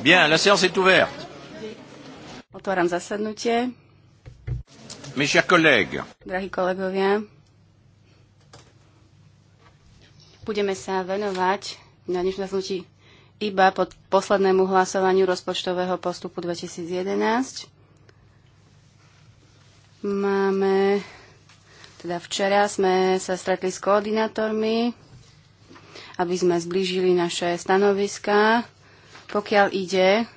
Bien, la séance est ouverte. zasadnutie. Mes chers collègues. Drahí kolegovia, budeme sa venovať na dnešnom zasadnutí iba pod poslednému hlasovaniu rozpočtového postupu 2011. Máme, teda včera sme sa stretli s koordinátormi, aby sme zblížili naše stanoviská pokiaľ ide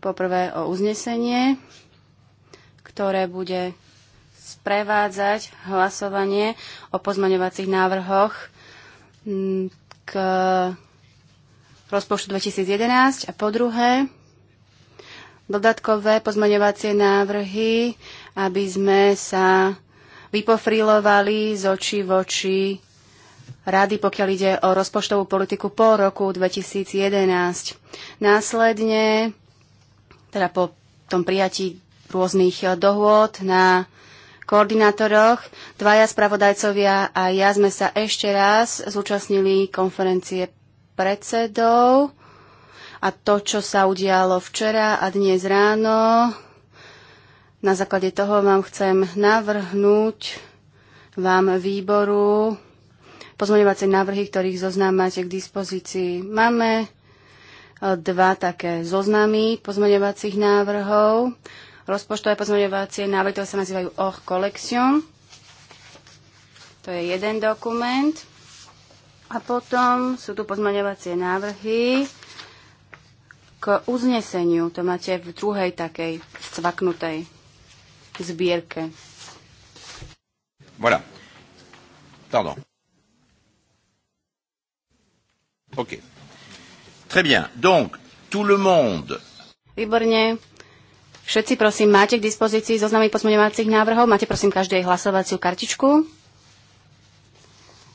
poprvé o uznesenie, ktoré bude sprevádzať hlasovanie o pozmaňovacích návrhoch mm, k rozpočtu 2011 a po druhé dodatkové pozmaňovacie návrhy, aby sme sa vypofrilovali z očí v oči rady, pokiaľ ide o rozpočtovú politiku po roku 2011. Následne, teda po tom prijatí rôznych eh, dohôd na koordinátoroch, dvaja spravodajcovia a ja sme sa ešte raz zúčastnili konferencie predsedov a to, čo sa udialo včera a dnes ráno, na základe toho vám chcem navrhnúť vám výboru pozmeňovacie návrhy, ktorých zoznam máte k dispozícii. Máme e, dva také zoznamy pozmeňovacích návrhov. Rozpočtové pozmeňovacie návrhy, ktoré sa nazývajú OH Collection. To je jeden dokument. A potom sú tu pozmeňovacie návrhy k uzneseniu. To máte v druhej takej cvaknutej zbierke. Voilà. Pardon. Très bien. Donc, tout le monde. Výborne. Všetci, prosím, máte k dispozícii zoznamy pozmeňovacích návrhov. Máte, prosím, každej hlasovaciu kartičku.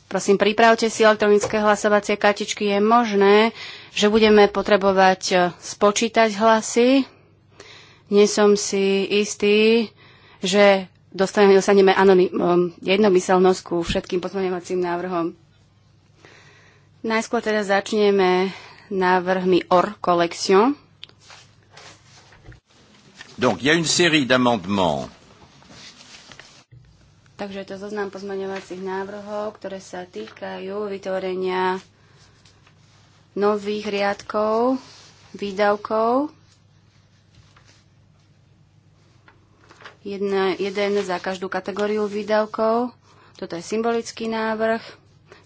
Prosím, pripravte si elektronické hlasovacie kartičky. Je možné, že budeme potrebovať e, spočítať hlasy. Nie som si istý, že dostaneme anonym, jednomyselnosť ku všetkým pozmeňovacím návrhom. Najskôr teda začneme návrhmi OR collection. Donc, il y a une série d'amendements. Takže je to zoznam pozmaňovacích návrhov, ktoré sa týkajú vytvorenia nových riadkov, výdavkov. Jedna, jeden za každú kategóriu výdavkov. Toto je symbolický návrh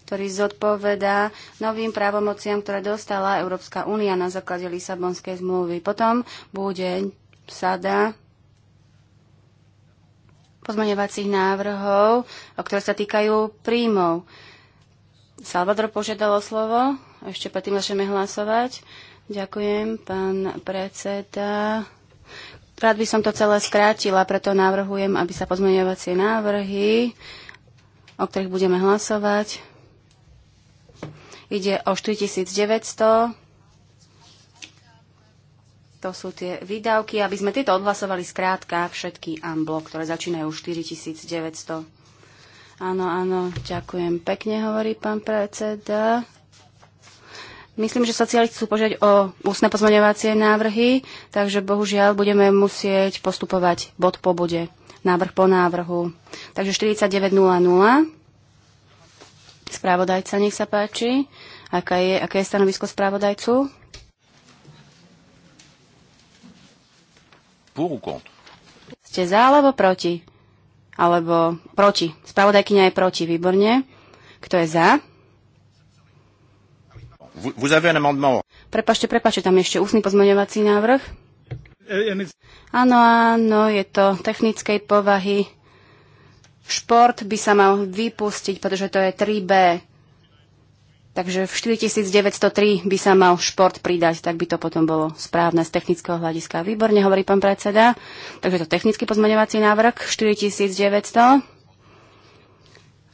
ktorý zodpovedá novým právomociam, ktoré dostala Európska únia na základe Lisabonskej zmluvy. Potom bude sada pozmeňovacích návrhov, ktoré sa týkajú príjmov. Salvador požiadalo slovo, ešte predtým začneme hlasovať. Ďakujem, pán predseda. Rád by som to celé skrátila, preto navrhujem, aby sa pozmeňovacie návrhy, o ktorých budeme hlasovať, Ide o 4900. To sú tie výdavky, aby sme tieto odhlasovali skrátka všetky amblo, ktoré začínajú 4900. Áno, áno, ďakujem pekne, hovorí pán predseda. Myslím, že socialisti chcú požiadať o ústne pozmeňovacie návrhy, takže bohužiaľ budeme musieť postupovať bod po bode, návrh po návrhu. Takže 49.00. Správodajca, nech sa páči. Aká je, aké je stanovisko správodajcu? Pour ou contre? Ste za alebo proti? Alebo proti. Spravodajkyňa je proti, výborne. Kto je za? Vous, vous avez un amendement. Prepašte, prepašte, tam je ešte ústny pozmeňovací návrh. Eh, eh, eh. Áno, áno, je to technickej povahy. Šport by sa mal vypustiť, pretože to je 3B. Takže v 4903 by sa mal šport pridať, tak by to potom bolo správne z technického hľadiska. Výborne, hovorí pán predseda. Takže to technický pozmeňovací návrh 4900.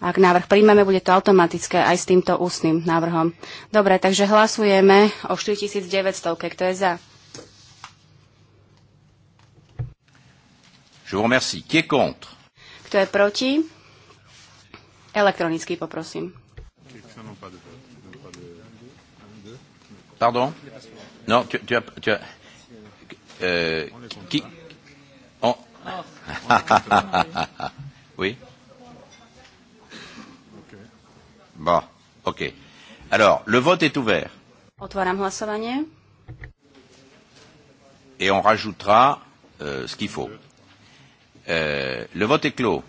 Ak návrh príjmeme, bude to automatické aj s týmto ústnym návrhom. Dobre, takže hlasujeme o 4900. Kto je za? Je vous remercie. Qui est contre? Kto je proti? Elektronicky poprosím. Pardon Non, tu, tu as... Tu as euh, qui on... Oui Bon, ok. Alors, le vote est ouvert. Et on rajoutera euh, ce qu'il faut. Euh, le vote est clos.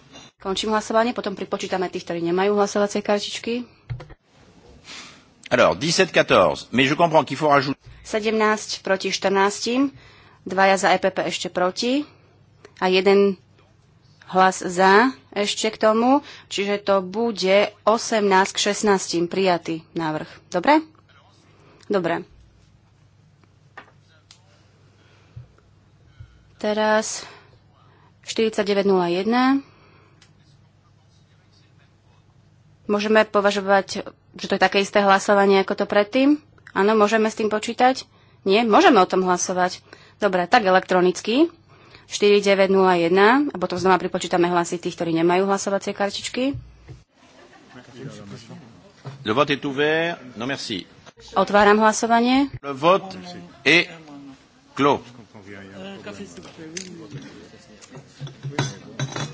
Končím hlasovanie, potom pripočítame tých, ktorí nemajú hlasovacie kartičky. Alors, 17-14, mais je comprends qu'il faut rajouter... 17 proti 14, dvaja za EPP ešte proti a jeden hlas za ešte k tomu, čiže to bude 18 k 16 prijatý návrh. Dobre? Dobre. Teraz 49.01. Môžeme považovať že to je také isté hlasovanie ako to predtým? Áno, môžeme s tým počítať? Nie, môžeme o tom hlasovať. Dobre, tak elektronicky. 4901 a potom znova pripočítame hlasy tých, ktorí nemajú hlasovacie kartičky. Le vote est ouvert. Non merci. Otváram hlasovanie. Le vote est clos. Euh,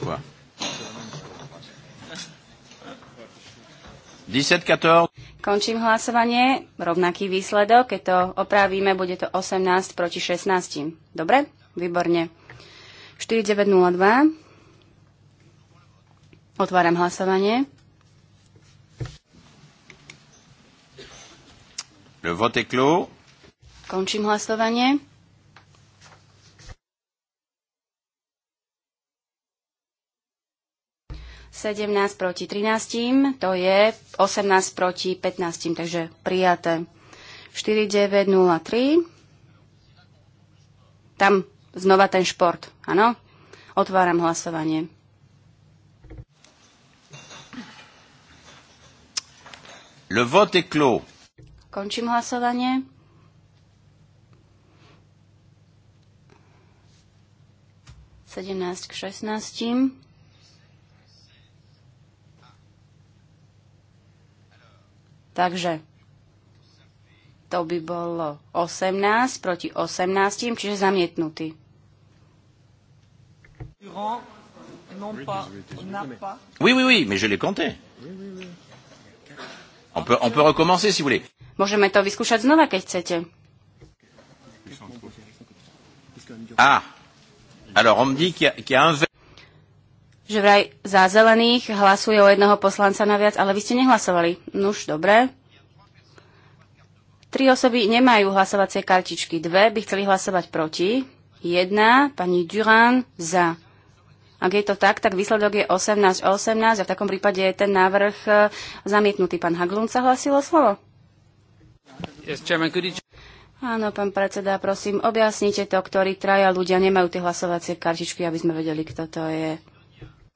Quoi? 10 14 Končím hlasovanie. Rovnaký výsledok. Keď to opravíme, bude to 18 proti 16. Dobre? Výborne. 4902. Otváram hlasovanie. Le vote est clos. Končím hlasovanie. 17 proti 13, to je 18 proti 15, takže prijaté. 4903, tam znova ten šport, áno? Otváram hlasovanie. Le vote est clos. Končím hlasovanie. Sedemnáct k šestnáctim. Takže to by bolo 18 proti 18, čiže zamietnutý. Oui, oui, oui, mais je l'ai compté. On peut, on peut recommencer si vous voulez. Môžeme to vyskúšať znova, keď chcete. Ah, alors on me dit qu'il y, qu y a un verre že vraj za zelených hlasuje o jedného poslanca naviac, ale vy ste nehlasovali. Nuž, dobre. Tri osoby nemajú hlasovacie kartičky. Dve by chceli hlasovať proti. Jedna, pani Durán, za. Ak je to tak, tak výsledok je 18-18 a v takom prípade je ten návrh e, zamietnutý. Pán Haglund sa o slovo. Yes, chairman, could you... Áno, pán predseda, prosím, objasnite to, ktorí traja ľudia nemajú tie hlasovacie kartičky, aby sme vedeli, kto to je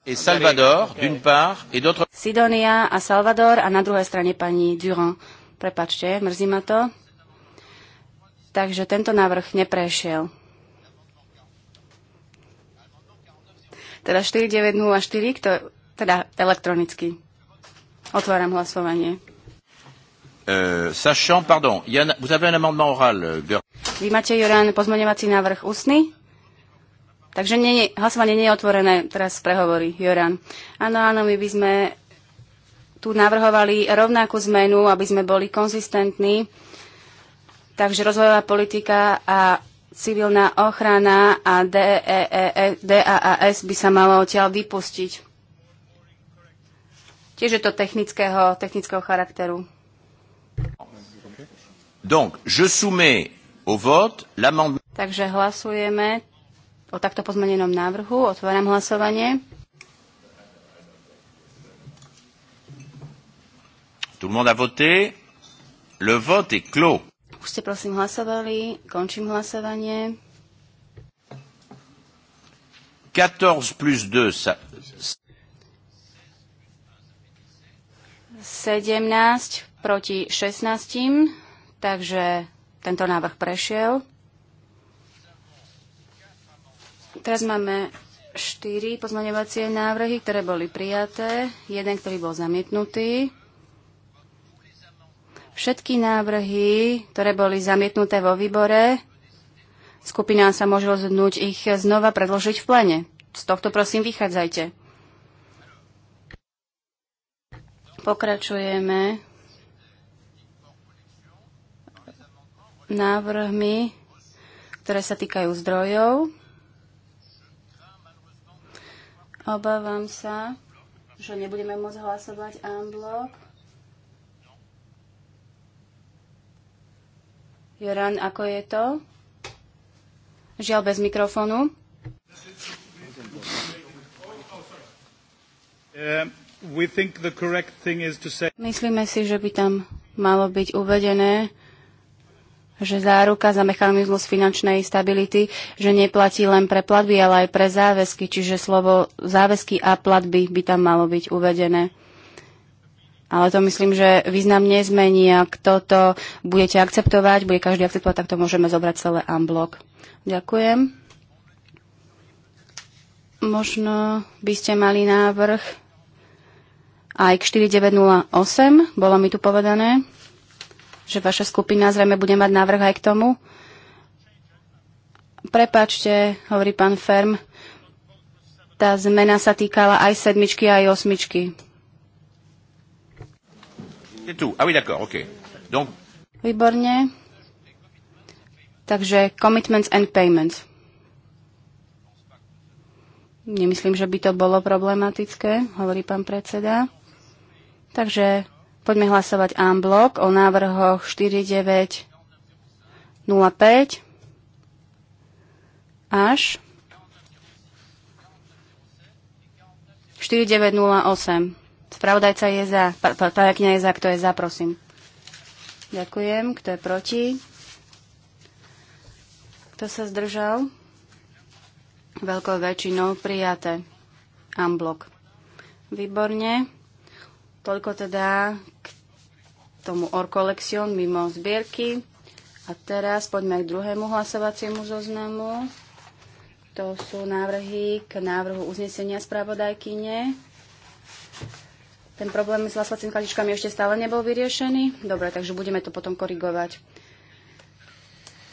et Salvador, d'une part, et d'autre... Sidonia a Salvador a na druhej strane pani Durand. Prepačte, mrzí ma to. Takže tento návrh neprešiel. Teda 4904, kto, teda elektronicky. Otváram hlasovanie. Uh, sachant, pardon, Jan, vous avez un amendement oral, euh, Vy máte, Joran, pozmeňovací návrh ústny? Takže nie, hlasovanie nie je otvorené, teraz prehovorí Joran. Áno, áno, my by sme tu navrhovali rovnakú zmenu, aby sme boli konzistentní. Takže rozvojová politika a civilná ochrana a DAAS e e e, by sa malo odtiaľ vypustiť. Tiež je to technického, technického charakteru. Donc, je soumets au vote l'amendement. Takže hlasujeme o takto pozmenenom návrhu. Otváram hlasovanie. Tout le monde a voté. Le vote est clos. Už ste prosím hlasovali. Končím hlasovanie. 14 plus 2, ça... 17 proti 16, takže tento návrh prešiel. Teraz máme štyri pozmaňovacie návrhy, ktoré boli prijaté, jeden, ktorý bol zamietnutý. Všetky návrhy, ktoré boli zamietnuté vo výbore, skupina sa môže rozhodnúť ich znova predložiť v plene. Z tohto prosím vychádzajte. Pokračujeme návrhmi, ktoré sa týkajú zdrojov. Obávam sa, že nebudeme môcť hlasovať unblock. Joran, ako je to? Žiaľ bez mikrofónu. Uh, Myslíme si, že by tam malo byť uvedené, že záruka za mechanizmus finančnej stability, že neplatí len pre platby, ale aj pre záväzky, čiže slovo záväzky a platby by tam malo byť uvedené. Ale to myslím, že význam nezmení a kto to budete akceptovať, bude každý akceptovať, tak to môžeme zobrať celé unblock. Ďakujem. Možno by ste mali návrh aj k 4908, bolo mi tu povedané že vaša skupina zrejme bude mať návrh aj k tomu. Prepačte, hovorí pán Ferm, tá zmena sa týkala aj sedmičky, aj osmičky. Ah Výborne. Takže commitments and payments. Nemyslím, že by to bolo problematické, hovorí pán predseda. Takže Poďme hlasovať en blok o návrhoch 4905 až 4908. Spravodajca je za. kňa je za. Kto je za, prosím. Ďakujem. Kto je proti? Kto sa zdržal? Veľkou väčšinou prijaté. Amblok. Výborne. Toľko teda k tomu Orkolexion mimo zbierky. A teraz poďme k druhému hlasovaciemu zoznamu. To sú návrhy k návrhu uznesenia spravodajkyne. Ten problém s hlasovacími kladičkami ešte stále nebol vyriešený. Dobre, takže budeme to potom korigovať.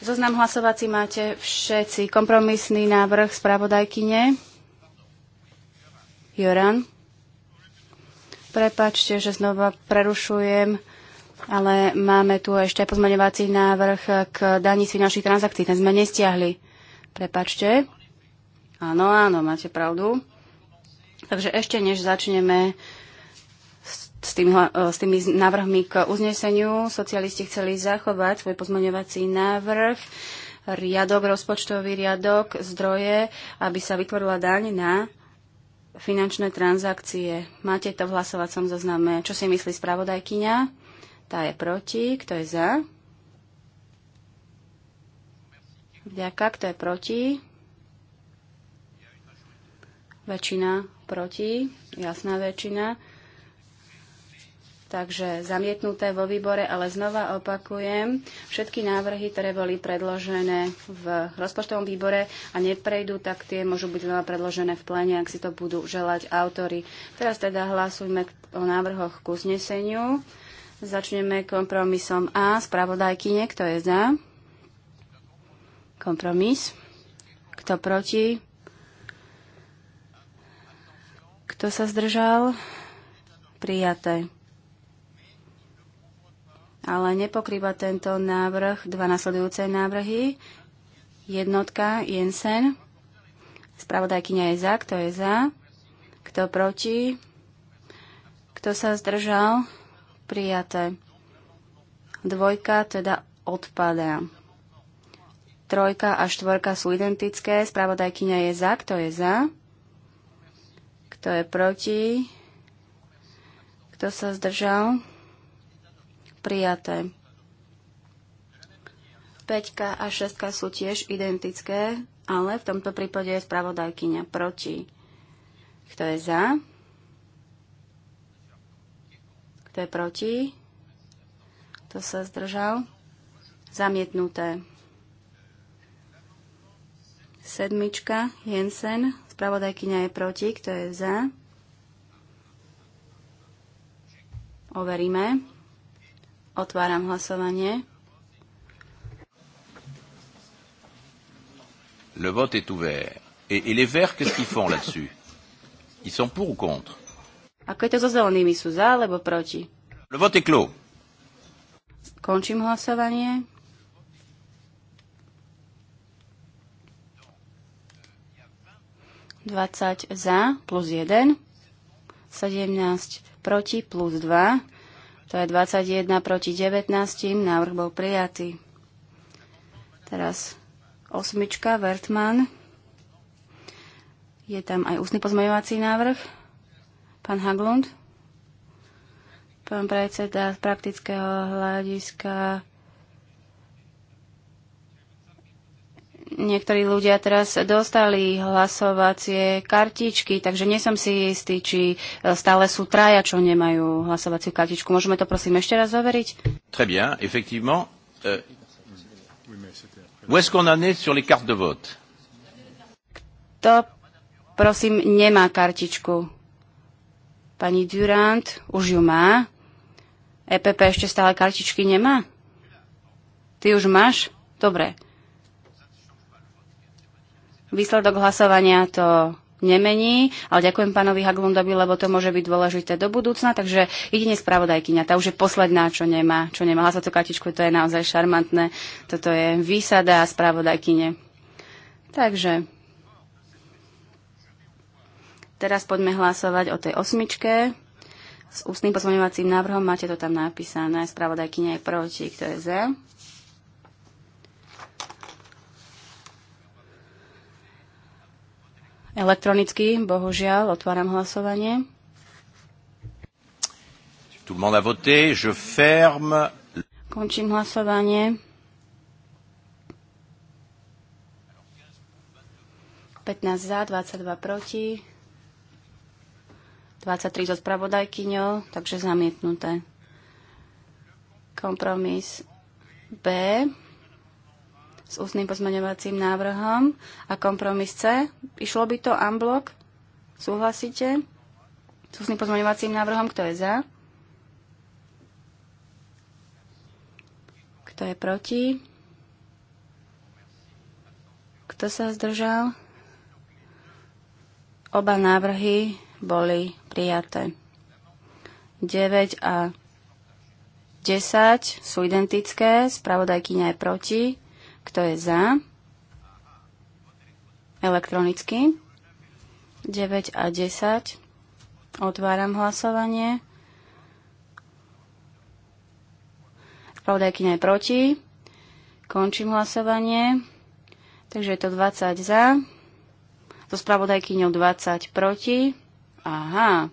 Zoznam hlasovací máte všetci. Kompromisný návrh spravodajkyne. Joran. Prepačte, že znova prerušujem, ale máme tu ešte pozmeňovací návrh k daní si našich transakcií. Ten sme nestiahli. Prepačte. Áno, áno, máte pravdu. Takže ešte než začneme s tými, e, s tými návrhmi k uzneseniu. Socialisti chceli zachovať svoj pozmeňovací návrh, riadok, rozpočtový riadok, zdroje, aby sa vytvorila daň na finančné transakcie. Máte to v hlasovacom zozname. Čo si myslí spravodajkyňa? Tá je proti. Kto je za? Vďaka. Kto je proti? Väčšina proti. Jasná väčšina takže zamietnuté vo výbore, ale znova opakujem, všetky návrhy, ktoré boli predložené v rozpočtovom výbore a neprejdú, tak tie môžu byť znova predložené v plene, ak si to budú želať autory. Teraz teda hlasujme o návrhoch k uzneseniu. Začneme kompromisom A. Spravodajky, niekto je za? Kompromis. Kto proti? Kto sa zdržal? Prijaté ale nepokrýva tento návrh dva nasledujúce návrhy. Jednotka Jensen. Spravodajkyňa je za. Kto je za? Kto proti? Kto sa zdržal? Prijaté. Dvojka teda odpadá. Trojka a štvorka sú identické. Spravodajkyňa je za. Kto je za? Kto je proti? Kto sa zdržal? prijaté. 5 a 6 sú tiež identické, ale v tomto prípade je spravodajkyňa proti. Kto je za? Kto je proti? Kto sa zdržal? Zamietnuté. Sedmička, Jensen, spravodajkyňa je proti, kto je za? Overíme. Otváram hlasovanie. Le vote est ouvert. Et, et les verts, qu'est-ce qu'ils font là-dessus Ils sont pour ou contre Ako je to so zelenými? Sú za alebo proti? Le vote est clos. Končím hlasovanie. Dvadsať za plus jeden. sedemnásť proti plus dva. To je 21 proti 19. Návrh bol prijatý. Teraz osmička, Vertman. Je tam aj ústny pozmeňovací návrh. Pán Haglund. Pán predseda z praktického hľadiska niektorí ľudia teraz dostali hlasovacie kartičky, takže nie som si istý, či e, stále sú traja, čo nemajú hlasovaciu kartičku. Môžeme to prosím ešte raz overiť? Très bien, effectivement. Euh, où est-ce qu'on en est sur les cartes de vote? Kto, prosím, nemá kartičku? Pani Durant už ju má. EPP ešte stále kartičky nemá? Ty už máš? Dobre. Výsledok hlasovania to nemení, ale ďakujem pánovi Haglundovi, lebo to môže byť dôležité do budúcna, takže jedine spravodajkyňa, tá už je posledná, čo nemá, čo nemá hlasovacú kartičku, to je naozaj šarmantné, toto je výsada spravodajkyne. Takže teraz poďme hlasovať o tej osmičke. S ústnym pozmeňovacím návrhom máte to tam napísané. Spravodajkyňa je proti, kto je za. Elektronicky, bohužiaľ, otváram hlasovanie. Tout le monde a voté, je ferme. Končím hlasovanie. 15 za, 22 proti, 23 so spravodajkyňou, takže zamietnuté. Kompromis B s ústnym pozmeňovacím návrhom a kompromis C. Išlo by to unblock? Súhlasíte? S ústnym pozmeňovacím návrhom, kto je za? Kto je proti? Kto sa zdržal? Oba návrhy boli prijaté. 9 a 10 sú identické, spravodajkyňa je proti. Kto je za? Elektronicky. 9 a 10. Otváram hlasovanie. Spravodajkyňa je proti. Končím hlasovanie. Takže je to 20 za. So spravodajkyňou 20 proti. Aha.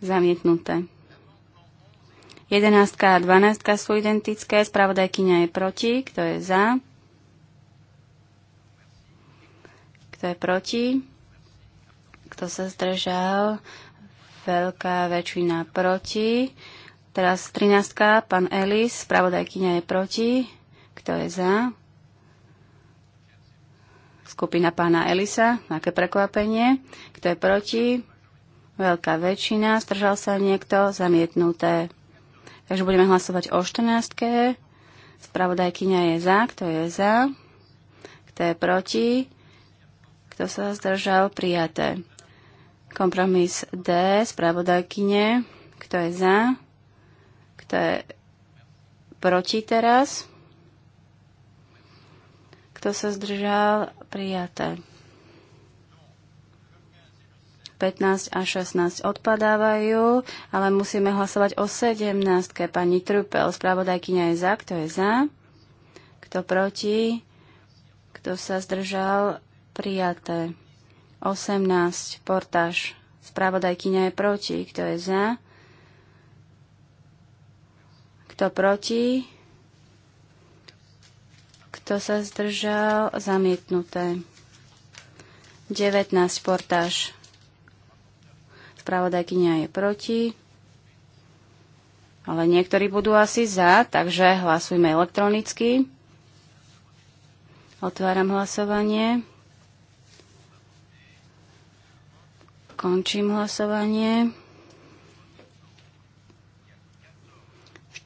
Zamietnuté. 11 a 12 sú identické, spravodajkyňa je proti, kto je za, kto je proti, kto sa zdržal, veľká väčšina proti. Teraz 13. Pán Elis, spravodajkyňa je proti. Kto je za? Skupina pána Elisa, aké prekvapenie. Kto je proti? Veľká väčšina. Zdržal sa niekto? Zamietnuté. Takže budeme hlasovať o 14. Spravodajkyňa je za, kto je za, kto je proti, kto sa zdržal, prijaté. Kompromis D, spravodajkyne, kto je za, kto je proti teraz, kto sa zdržal, prijaté. 15 a 16 odpadávajú, ale musíme hlasovať o 17. Pani Trupel, spravodajkyňa je za, kto je za, kto proti, kto sa zdržal, prijaté. 18. Portáž, spravodajkyňa je proti, kto je za, kto proti, kto sa zdržal, zamietnuté. 19. Portáž, Spravodajkynia je proti. Ale niektorí budú asi za, takže hlasujme elektronicky. Otváram hlasovanie. Končím hlasovanie.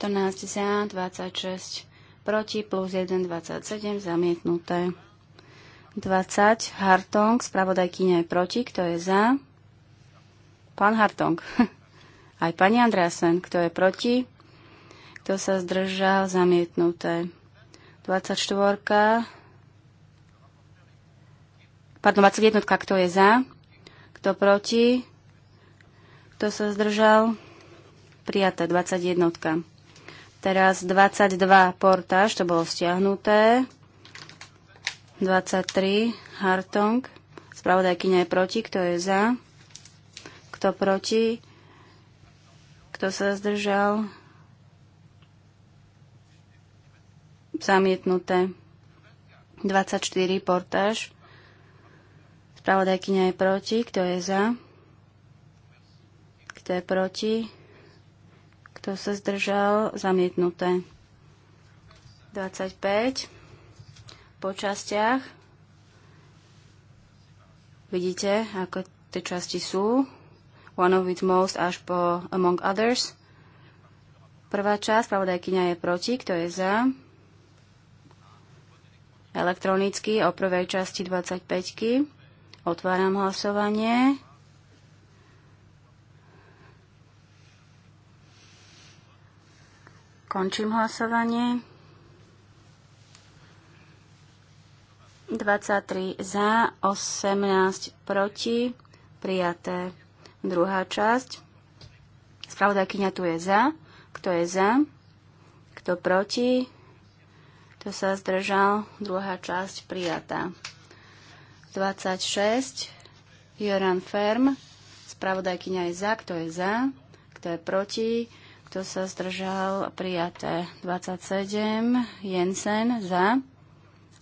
14 za, 26 proti, plus 1, 27, zamietnuté. 20, Hartong, spravodajkyňa je proti, kto je za? Pán Hartong. Aj pani Andreasen. Kto je proti? Kto sa zdržal? Zamietnuté. 24. Pardon, 21. Kto je za? Kto proti? Kto sa zdržal? Prijaté 21. Teraz 22 portáž, to bolo stiahnuté. 23 Hartong. Spravodajkyňa je proti, kto je za? Kto proti? Kto sa zdržal? Zamietnuté. 24 portáž. Spravodajkyňa je proti. Kto je za? Kto je proti? Kto sa zdržal? Zamietnuté. 25 po častiach. Vidíte, ako tie časti sú. One of its most až po Among Others. Prvá časť, pravodajkyňa je proti, kto je za? Elektronicky o prvej časti 25. -ky. Otváram hlasovanie. Končím hlasovanie. 23 za, 18 proti, prijaté. Druhá časť. Spravodajkyňa tu je za. Kto je za? Kto proti? Kto sa zdržal? Druhá časť prijatá. 26. Joran Ferm. Spravodajkyňa je za. Kto je za? Kto je proti? Kto sa zdržal? Prijaté. 27. Jensen za.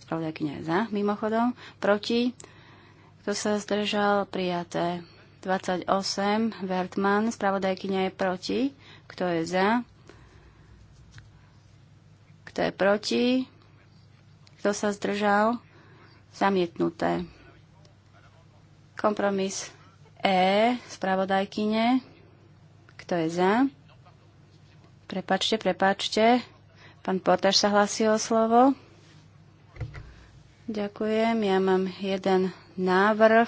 Spravodajkyňa je za, mimochodom. Proti? Kto sa zdržal? Prijaté. 28, Vertman, spravodajkyňa je proti. Kto je za? Kto je proti? Kto sa zdržal? Zamietnuté. Kompromis E, spravodajkyne. Kto je za? Prepačte, prepačte. Pán Portaž sa hlasí o slovo. Ďakujem. Ja mám jeden návrh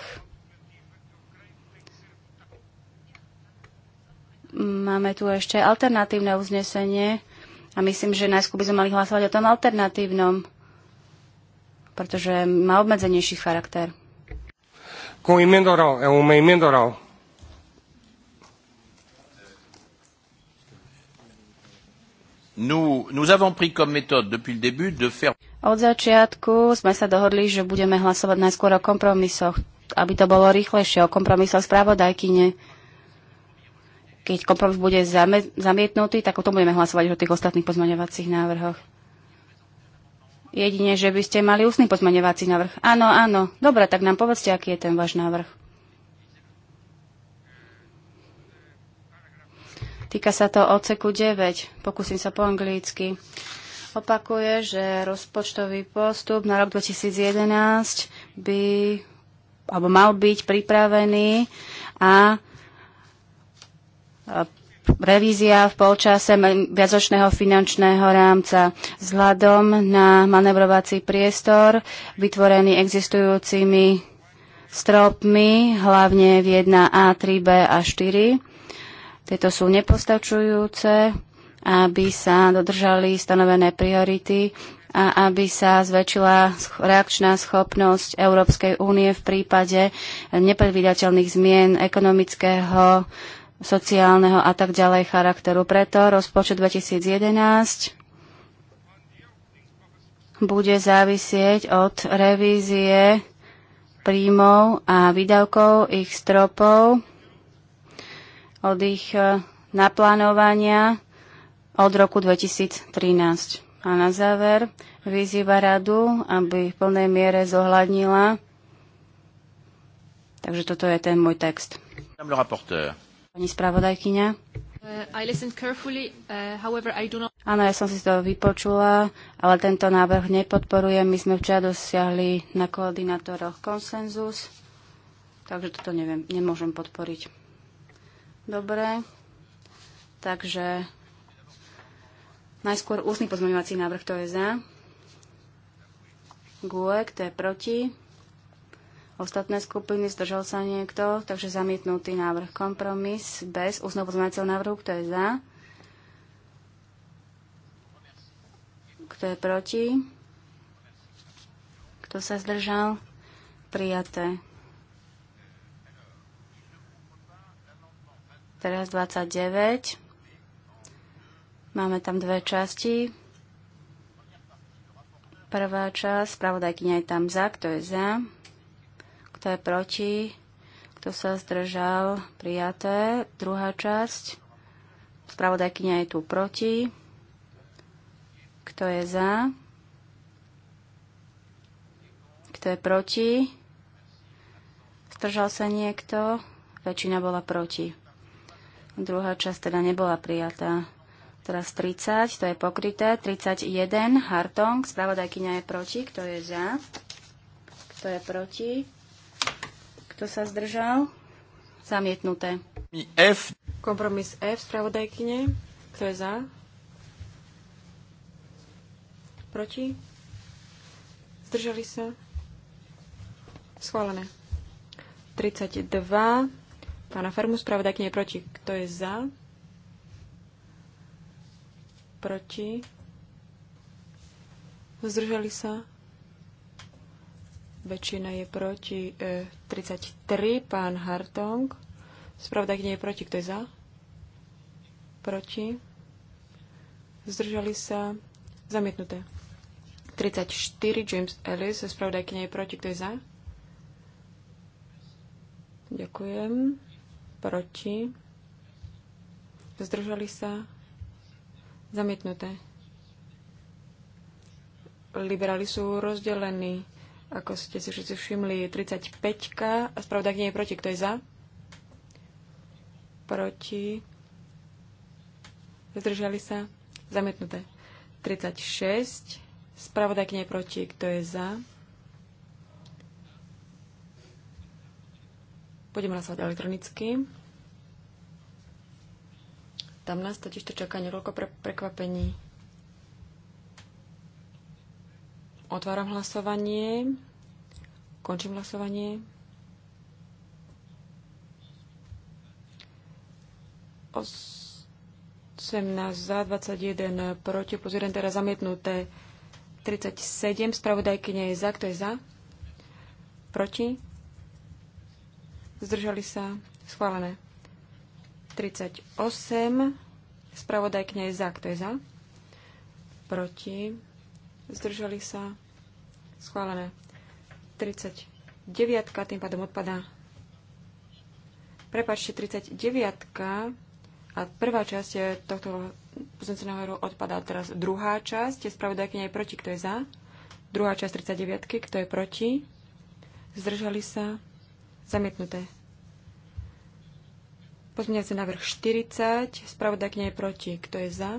Máme tu ešte alternatívne uznesenie a myslím, že najskôr by sme mali hlasovať o tom alternatívnom, pretože má obmedzenejší charakter. oral, eh, oral. Nous, nous avons pris comme méthode depuis le début de faire... Od začiatku sme sa dohodli, že budeme hlasovať najskôr o kompromisoch, aby to bolo rýchlejšie, o kompromisoch správodajkyne keď kompromis bude zamietnutý, tak o tom budeme hlasovať o tých ostatných pozmaňovacích návrhoch. Jedine, že by ste mali ústny pozmaňovací návrh. Áno, áno. Dobre, tak nám povedzte, aký je ten váš návrh. Týka sa to odseku 9. Pokúsim sa po anglicky. Opakuje, že rozpočtový postup na rok 2011 by alebo mal byť pripravený a revízia v polčase viacročného finančného rámca vzhľadom na manevrovací priestor vytvorený existujúcimi stropmi, hlavne v 1A, 3B a 4. Tieto sú nepostačujúce, aby sa dodržali stanovené priority a aby sa zväčšila reakčná schopnosť Európskej únie v prípade nepredvídateľných zmien ekonomického sociálneho a tak ďalej charakteru. Preto rozpočet 2011 bude závisieť od revízie príjmov a výdavkov, ich stropov, od ich e, naplánovania od roku 2013. A na záver vyzýva radu, aby v plnej miere zohľadnila. Takže toto je ten môj text. Madame le rapporteur. Pani spravodajkyňa. Uh, uh, Áno, ja som si to vypočula, ale tento návrh nepodporujem. My sme včera dosiahli na koordinátoroch konsenzus, takže toto neviem, nemôžem podporiť. Dobre, takže najskôr ústny pozmeňovací návrh, kto je za. GUE, kto je proti ostatné skupiny, zdržal sa niekto, takže zamietnutý návrh kompromis bez ústneho návrhu, kto je za, kto je proti, kto sa zdržal, prijaté. Teraz 29. Máme tam dve časti. Prvá časť, spravodajkynia je tam za, kto je za, kto je proti? Kto sa zdržal? Prijaté. Druhá časť. Spravodajkynia je tu proti. Kto je za? Kto je proti? Zdržal sa niekto? Väčšina bola proti. Druhá časť teda nebola prijatá. Teraz 30, to je pokryté. 31, Hartong, spravodajkynia je proti. Kto je za? Kto je proti? Kto sa zdržal? Zamietnuté. F. Kompromis F, spravodajkyne. Kto je za? Proti? Zdržali sa? Schválené. 32. Pána Fermu, spravodajkyne proti. Kto je za? Proti? Zdržali sa? Väčšina je proti. E, 33, pán Hartong. Spravda, nie je proti. Kto je za? Proti. Zdržali sa. Zamietnuté. 34, James Ellis. Spravda, nie je proti. Kto je za? Ďakujem. Proti. Zdržali sa. Zamietnuté liberáli sú rozdelení. Ako ste si všetci všimli, 35-ka. Spravda, nie je proti. Kto je za? Proti. Zdržali sa? Zamietnuté. 36. Spravodaj nie je proti. Kto je za? Budeme hlasovať elektronicky. Tam nás totiž to čaká niekoľko pre- prekvapení. Otváram hlasovanie. Končím hlasovanie. Os 18 za, 21 proti, plus teraz zamietnuté 37. Spravodajkynia je za, kto je za? Proti? Zdržali sa? Schválené. 38. Spravodajkynia je za, kto je za? Proti? Zdržali sa? Schválené. 39. Tým pádom odpadá. Prepačte, 39. A prvá časť tohto pozemceného hru odpadá teraz druhá časť. Spravodajkynia je proti, kto je za. Druhá časť 39. Kto je proti? Zdržali sa? Zamietnuté. Pozmeňací návrh 40. Spravodajkynia je proti. Kto je za?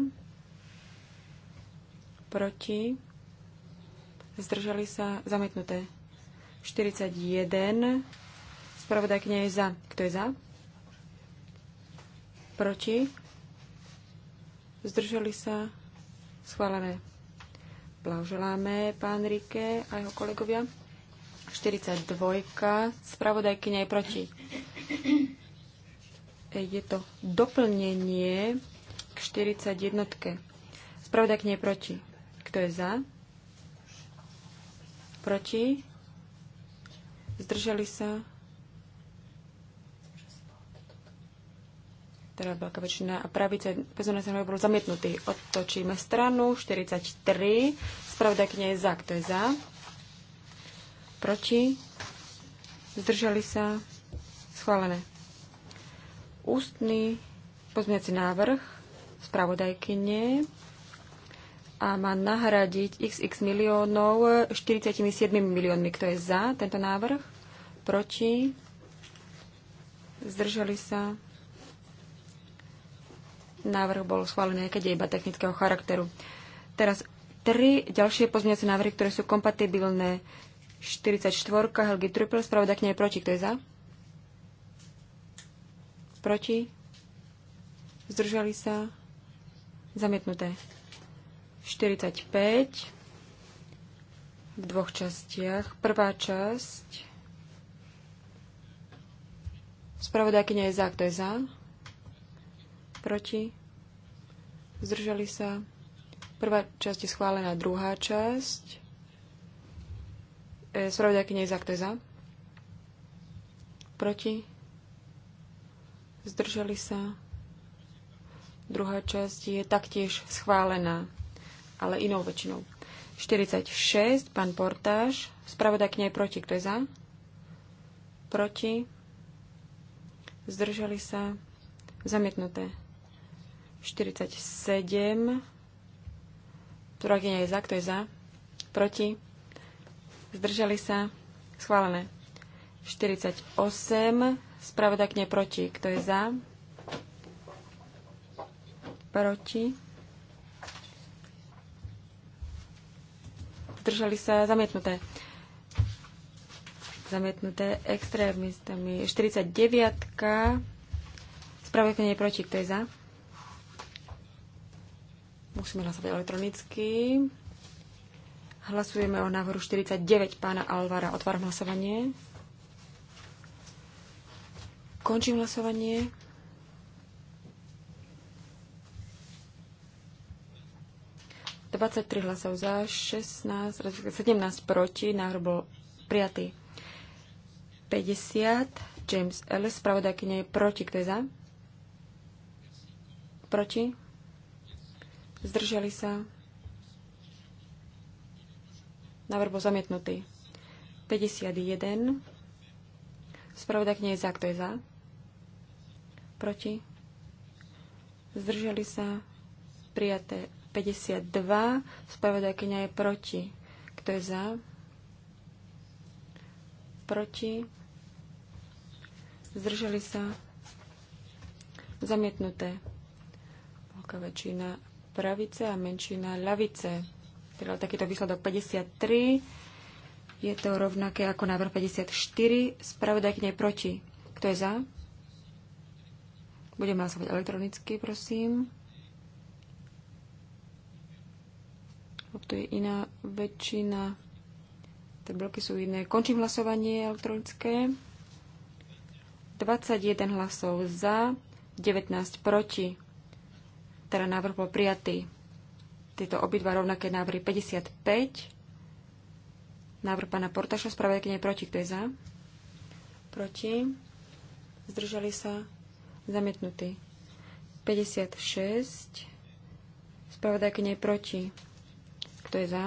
Proti zdržali sa, zamietnuté. 41, spravodajkňa je za. Kto je za? Proti? Zdržali sa, schválené. Blahoželáme pán Rike a jeho kolegovia. 42, spravodajkyňa je proti. Je to doplnenie k 41. Spravodajkyňa je proti. Kto je za? proti, zdržali sa, teda veľká väčšina a pravice pezoné sa bol zamietnutý. Otočíme stranu 43. Spravodajkne je za. Kto je za? Proti? Zdržali sa? Schválené. Ústny pozmeňací návrh nie a má nahradiť xx miliónov 47 miliónmi. Kto je za tento návrh? Proti? Zdržali sa? Návrh bol schválený, keď je iba technického charakteru. Teraz tri ďalšie pozmeňovacie návrhy, ktoré sú kompatibilné. 44, Helgi Trupel, spravodajkňa je proti. Kto je za? Proti? Zdržali sa? Zamietnuté. 45 v dvoch častiach. Prvá časť. nie je za. Kto je za? Proti? Zdržali sa? Prvá časť je schválená. Druhá časť. nie je za. Kto je za? Proti? Zdržali sa? Druhá časť je taktiež schválená ale inou väčšinou. 46, pán Portáž. Spravodajkňa je proti. Kto je za? Proti. Zdržali sa. Zamietnuté. 47. Spravodajkňa je za. Kto je za? Proti. Zdržali sa. Schválené. 48. Spravodajkňa je proti. Kto je za? Proti. Držali sa zamietnuté. Zamietnuté extrémistami. 49. Spravodajte proti, kto je za? Musíme hlasovať elektronicky. Hlasujeme o návrhu 49 pána Alvara. Otváram hlasovanie. Končím hlasovanie. 23 hlasov za, 16, 17 proti, návrh bol prijatý. 50, James Ellis, spravodajkyne je proti, kto je za? Proti? Zdržali sa? Návrh bol zamietnutý. 51. Spravodajkyne je za, kto je za? Proti? Zdržali sa? Prijaté 52. Spravodajkyňa je proti. Kto je za? Proti. Zdržali sa. Zamietnuté. Veľká väčšina pravice a menšina ľavice. Teda takýto výsledok 53. Je to rovnaké ako návrh 54. Spravodajkyňa je proti. Kto je za? Budeme hlasovať elektronicky, prosím. To je iná väčšina. Tie bloky sú iné. Končím hlasovanie elektronické. 21 hlasov za, 19 proti. Teda návrh bol prijatý. Tieto obidva rovnaké návrhy 55. Návrh pána Portaša, spravodajkyne proti. Kto je za? Proti. Zdržali sa. Zamietnutý. 56. Spravodajkyne proti. Kto je za?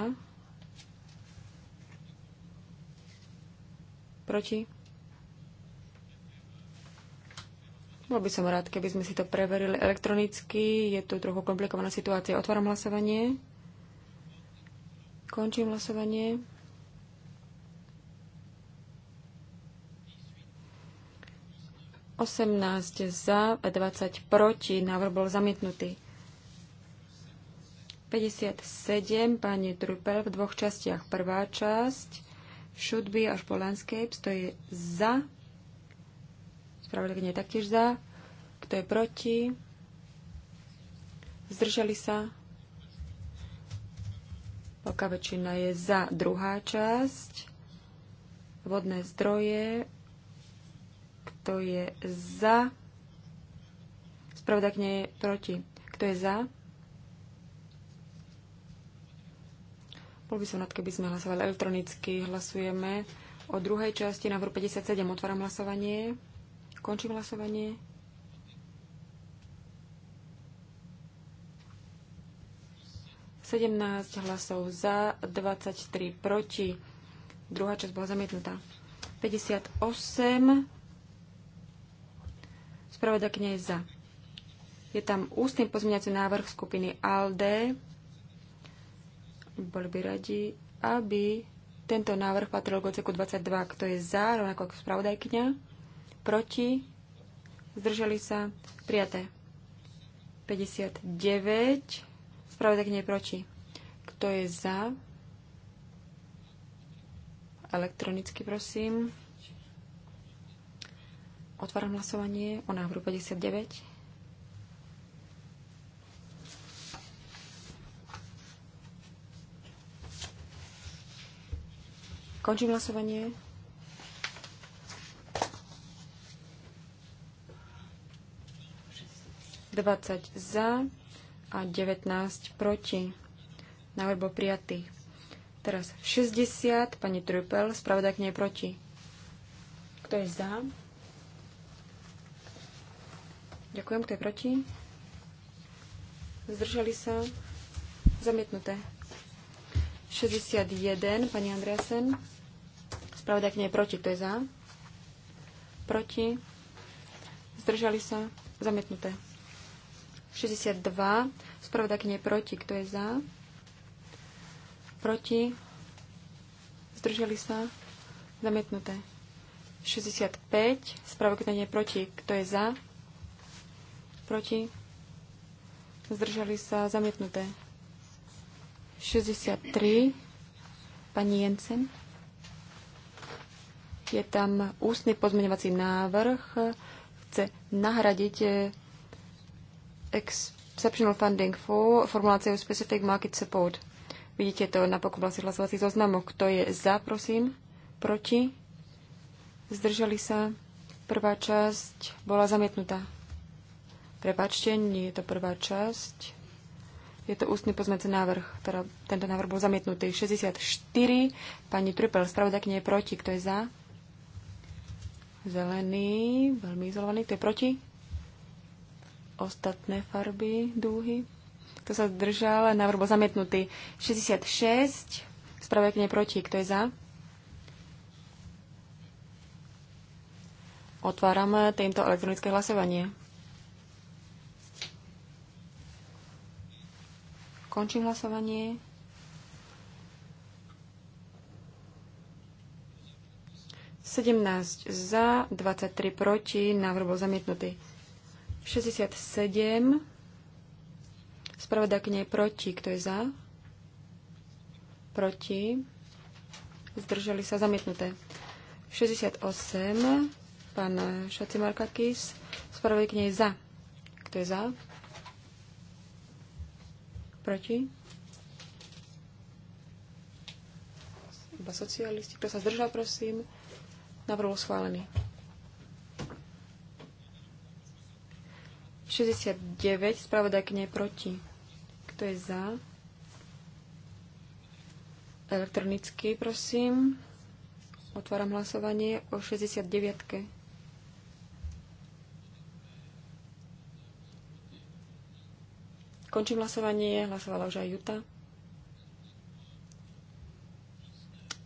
Proti? Bol by som rád, keby sme si to preverili elektronicky. Je tu trochu komplikovaná situácia. Otváram hlasovanie. Končím hlasovanie. 18 za, 20 proti. Návrh bol zamietnutý. 57, pani Trupel, v dvoch častiach. Prvá časť, should be až po landscapes, to je za. Spravodlivne taktiež za. Kto je proti? Zdržali sa? Veľká väčšina je za. Druhá časť, vodné zdroje. Kto je za? Spravodlivne je proti. Kto je za? Bol by som rád, keby sme hlasovali elektronicky. Hlasujeme o druhej časti návrhu 57. Otváram hlasovanie. Končím hlasovanie. Sedemnáct hlasov za, 23 proti. Druhá časť bola zamietnutá. 58. Spravodajkňa je za. Je tam ústny pozmeňací návrh skupiny ALDE boli by radi, aby tento návrh patril k odseku 22. Kto je za, rovnako ako spravodajkňa? Proti? Zdržali sa? Prijaté. 59. Spravodajkňa je proti. Kto je za? Elektronicky, prosím. Otváram hlasovanie o návrhu 59. Končím hlasovanie. Dvadsať za a 19 proti. Návrh bol prijatý. Teraz 60, pani Trupel, spravodaj k nej proti. Kto je za? Ďakujem, kto je proti? Zdržali sa? Zamietnuté. 61, pani Andreasen. Spravodaj nie je proti, to je za. Proti. Zdržali sa. Zamietnuté. 62. Spravodaj nie je proti, kto je za. Proti. Zdržali sa. Zamietnuté. 65. Spravodaj nie je proti, kto je za. Proti. Zdržali sa. Zamietnuté. 63. Pani Jensen. Je tam ústny pozmeňovací návrh, chce nahradiť eh, Exceptional Funding for formuláciou Specific Market Support. Vidíte to na pokoblasí hlasovacích zoznamov. Kto je za, prosím? Proti? Zdržali sa? Prvá časť bola zamietnutá. Prepačte, nie je to prvá časť. Je to ústny pozmece návrh, teda tento návrh bol zamietnutý. 64, pani Trupel, spravodajkne je proti, kto je za? Zelený, veľmi izolovaný, to je proti. Ostatné farby, dúhy. To sa zdržal, návrh bol zamietnutý. 66, spravodajkyne proti, kto je za? Otváram týmto elektronické hlasovanie. Končím hlasovanie. 17 za, 23 proti, návrh bol zamietnutý. 67. nie je proti. Kto je za? Proti. Zdržali sa zamietnuté. 68. Pán Šacimarkakis. nie je za. Kto je za? Proti. Iba socialisti. Kto sa zdržal, prosím? Návrh bol schválený. 69. je proti. Kto je za? Elektronicky, prosím. Otváram hlasovanie o 69. Končím hlasovanie. Hlasovala už aj Juta.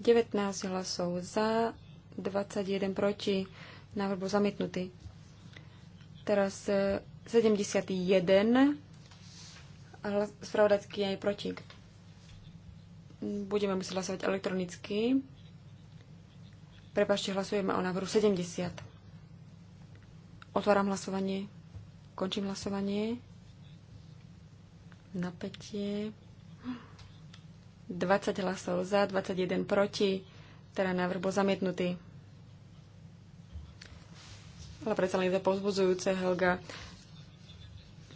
19 hlasov za, 21 proti. Návrh bol zamietnutý. Teraz 71. E, spravodajský je proti. Budeme musieť hlasovať elektronicky. Prepašte, hlasujeme o návrhu 70. Otváram hlasovanie. Končím hlasovanie. Napätie. 20 hlasov za, 21 proti. Teda návrh bol zamietnutý. Ale predsa len je to povzbudzujúce, Helga.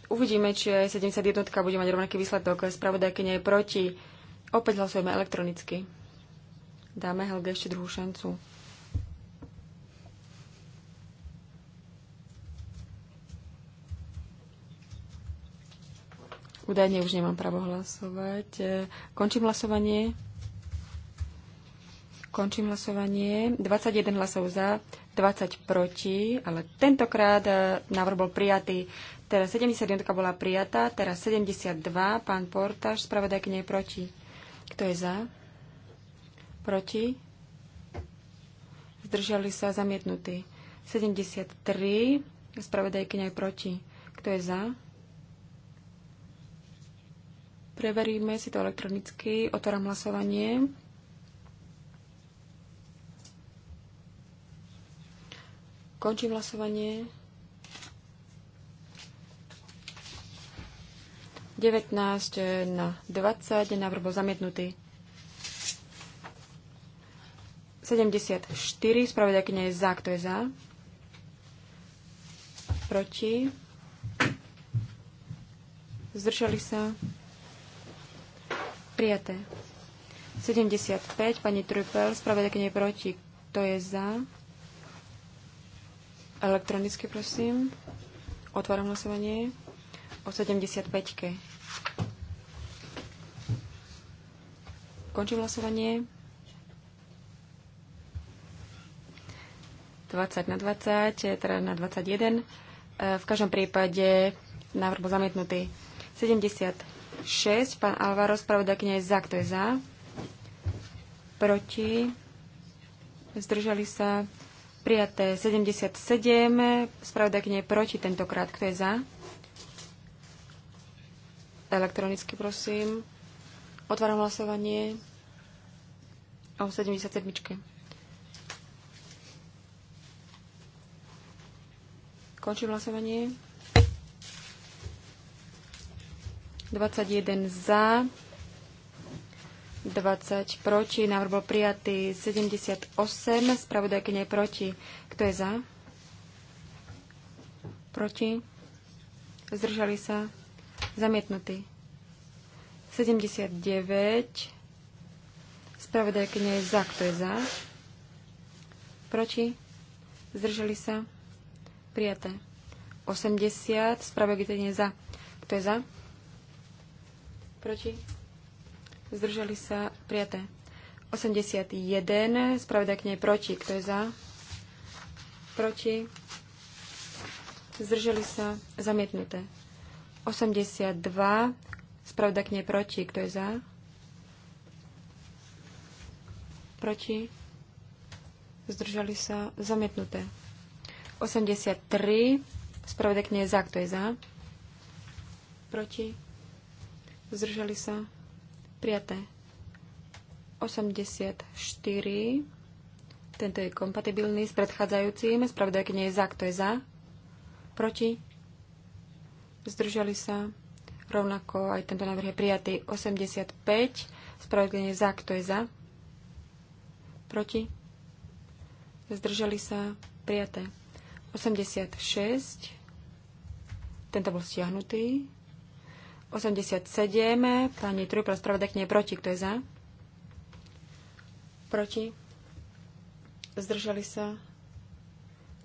Uvidíme, či aj 71 bude mať rovnaký výsledok. nie je proti. Opäť hlasujeme elektronicky. Dáme Helge ešte druhú šancu. Údajne už nemám právo hlasovať. Končím hlasovanie. Končím hlasovanie. 21 hlasov za, 20 proti, ale tentokrát e, návrh bol prijatý. Teraz 71 bola prijatá, teraz 72. Pán Portáš, spravodajkyne je proti. Kto je za? Proti? Zdržali sa zamietnutí. 73. Spravodajkyňa je proti. Kto je za? Preveríme si to elektronicky. Otváram hlasovanie. Končím hlasovanie. 19 na 20. Návrh bol zamietnutý. 74. Spravodajkynia je za. Kto je za? Proti? Zdržali sa? Prijaté. 75. Pani Trupel. nie je proti. Kto je za? Elektronicky prosím. Otváram hlasovanie o 75. -ke. Končím hlasovanie. 20 na 20, teda na 21. E, v každom prípade návrh bol zamietnutý. 76. Pán Alvaro, spravodajkyňa je za. Kto je za? Proti? Zdržali sa? Prijaté 77. Spravodajkyne je proti tentokrát. Kto je za? Elektronicky prosím. Otváram hlasovanie o 77. Končím hlasovanie. 21 za, 20 proti. Návrh bol prijatý 78. Spravodajky nie proti. Kto je za? Proti. Zdržali sa. Zamietnutý. 79. Spravodajky nie je za. Kto je za? Proti. Zdržali sa. Prijaté. 80. Spravodajky nie je za. Kto je za? Proti zdržali sa, prijaté. 81, spravodajkne je proti, kto je za, proti, zdržali sa, zamietnuté. 82, spravodajkne je proti, kto je za, proti, zdržali sa, zamietnuté. 83, spravodajkne je za, kto je za, proti, zdržali sa, Prijaté. 84. Tento je kompatibilný s predchádzajúcim. Spravodajky nie je za. Kto je za? Proti? Zdržali sa? Rovnako aj tento návrh je prijatý. 85. Spravodajky nie je za. Kto je za? Proti? Zdržali sa? Prijaté. 86. Tento bol stiahnutý. 87. Pani Trujpla spravodajkne je proti. Kto je za? Proti. Zdržali sa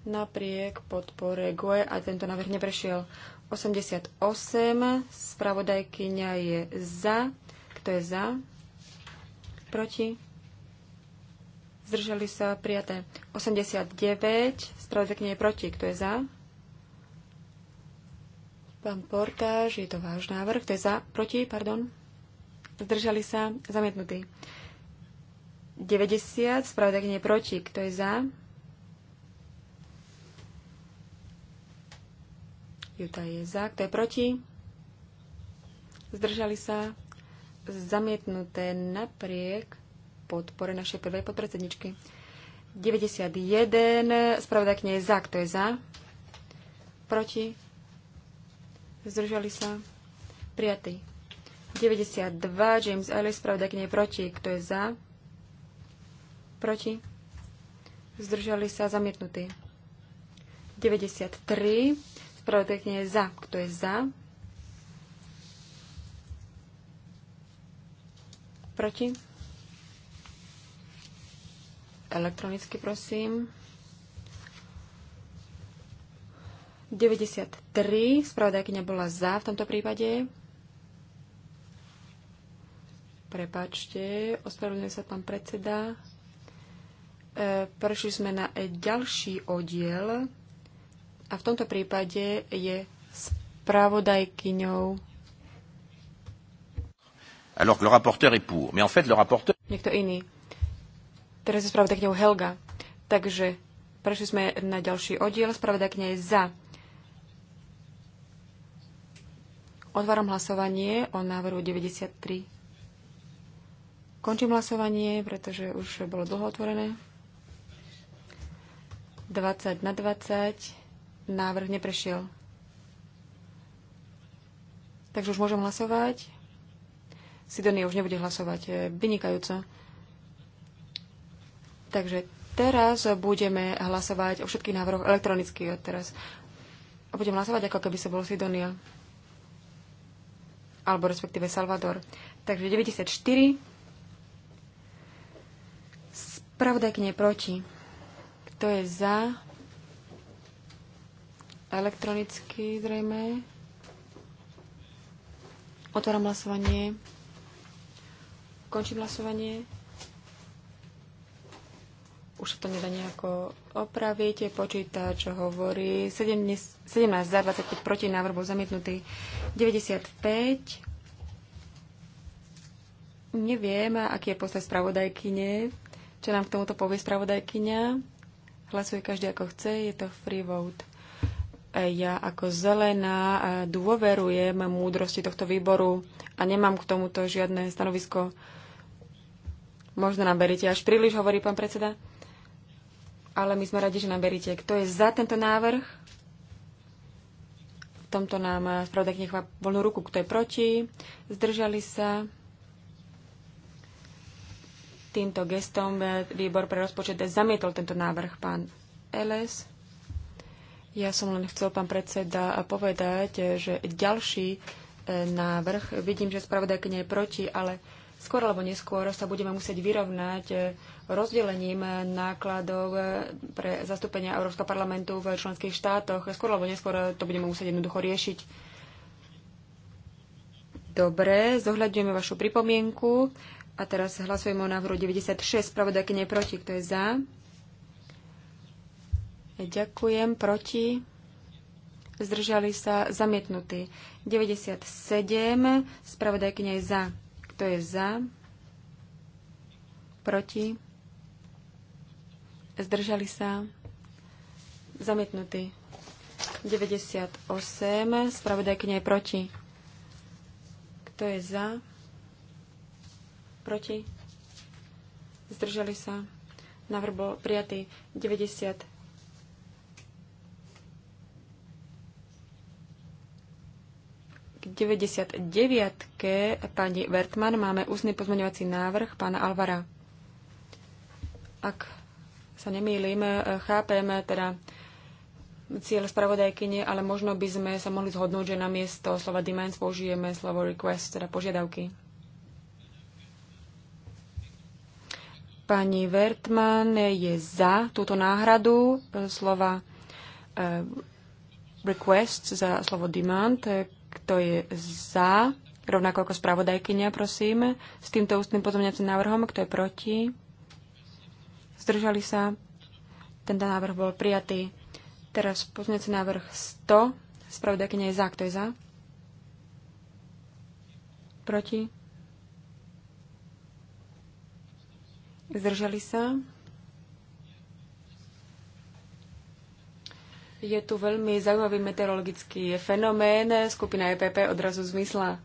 napriek podpore GOE a tento návrh neprešiel. 88. Spravodajkyňa je za. Kto je za? Proti? Zdržali sa prijaté. 89. Spravodajkyňa je proti. Kto je za? Pán Portáž, je to váš návrh. To je za, proti, pardon. Zdržali sa, zamietnutý. 90, nie proti. Kto je za? Juta je za. Kto je proti? Zdržali sa, zamietnuté napriek podpore našej prvej podpredsedničky. 91, spravodajkyne je za. Kto je za? Proti? Zdržali sa? Prijatý. 92. James Ellis, je proti. Kto je za? Proti? Zdržali sa? Zamietnutý. 93. Spravodajkyne je za. Kto je za? Proti? Elektronicky, prosím. 93. Spravodajkyňa bola za v tomto prípade. Prepačte, ospravedlňujem sa, pán predseda. E, prešli sme na e ďalší oddiel a v tomto prípade je spravodajkyňou alors que le rapporteur est pour. Mais en fait, le rapporteur... Niekto iný. Teraz je spravodajkňou Helga. Takže prešli sme na ďalší oddiel. Spravodajkňa je za. Otváram hlasovanie o návrhu 93. Končím hlasovanie, pretože už bolo dlho otvorené. 20 na 20. Návrh neprešiel. Takže už môžem hlasovať. Sidonia už nebude hlasovať. E, vynikajúco. Takže teraz budeme hlasovať o všetkých návrhoch elektronicky od teraz. A budem hlasovať, ako keby sa bol Sidonia alebo respektíve Salvador. Takže 94. Spravodajkyne proti. Kto je za? Elektronicky zrejme. Otváram hlasovanie. Končím hlasovanie. Už sa to nedá nejako opravíte. Počítač hovorí 17, za 25 proti návrh bol zamietnutý 95. Neviem, aký je postav spravodajkyne. Čo nám k tomuto povie spravodajkyňa? Hlasuje každý ako chce, je to free vote. E, ja ako zelená e, dôverujem múdrosti tohto výboru a nemám k tomuto žiadne stanovisko. Možno nám beriete až príliš, hovorí pán predseda ale my sme radi, že nám beríte. Kto je za tento návrh? V tomto nám spravodajk nechá voľnú ruku. Kto je proti? Zdržali sa? Týmto gestom výbor pre rozpočet zamietol tento návrh pán Eles. Ja som len chcel, pán predseda, povedať, že ďalší e, návrh, vidím, že spravodajkynia je proti, ale skôr alebo neskôr sa budeme musieť vyrovnať e, rozdelením nákladov pre zastúpenia Európskeho parlamentu v členských štátoch. Skôr alebo neskôr to budeme musieť jednoducho riešiť. Dobre, zohľadňujeme vašu pripomienku a teraz hlasujeme o návrhu 96. Spravodajky nie proti. Kto je za? Ďakujem. Proti? Zdržali sa zamietnutí. 97. Spravodajkyňa je za. Kto je za? Proti? zdržali sa, zamietnutý. 98, spravodajkňa je proti. Kto je za? Proti? Zdržali sa? Návrh bol prijatý 90. K 99. pani Vertman máme ústny pozmeňovací návrh pána Alvara. Ak sa nemýlim, e, chápem e, teda cieľ spravodajkyne, ale možno by sme sa mohli zhodnúť, že na miesto slova demands použijeme slovo request, teda požiadavky. Pani Vertman je za túto náhradu e, slova request za slovo demand. Kto je za? Rovnako ako spravodajkynia, prosím. S týmto ústnym pozorňacím návrhom, kto je proti? zdržali sa. Tento návrh bol prijatý. Teraz pozmeňujúci návrh 100. nie je za. Kto je za? Proti? Zdržali sa? Je tu veľmi zaujímavý meteorologický fenomén. Skupina EPP odrazu zmysla.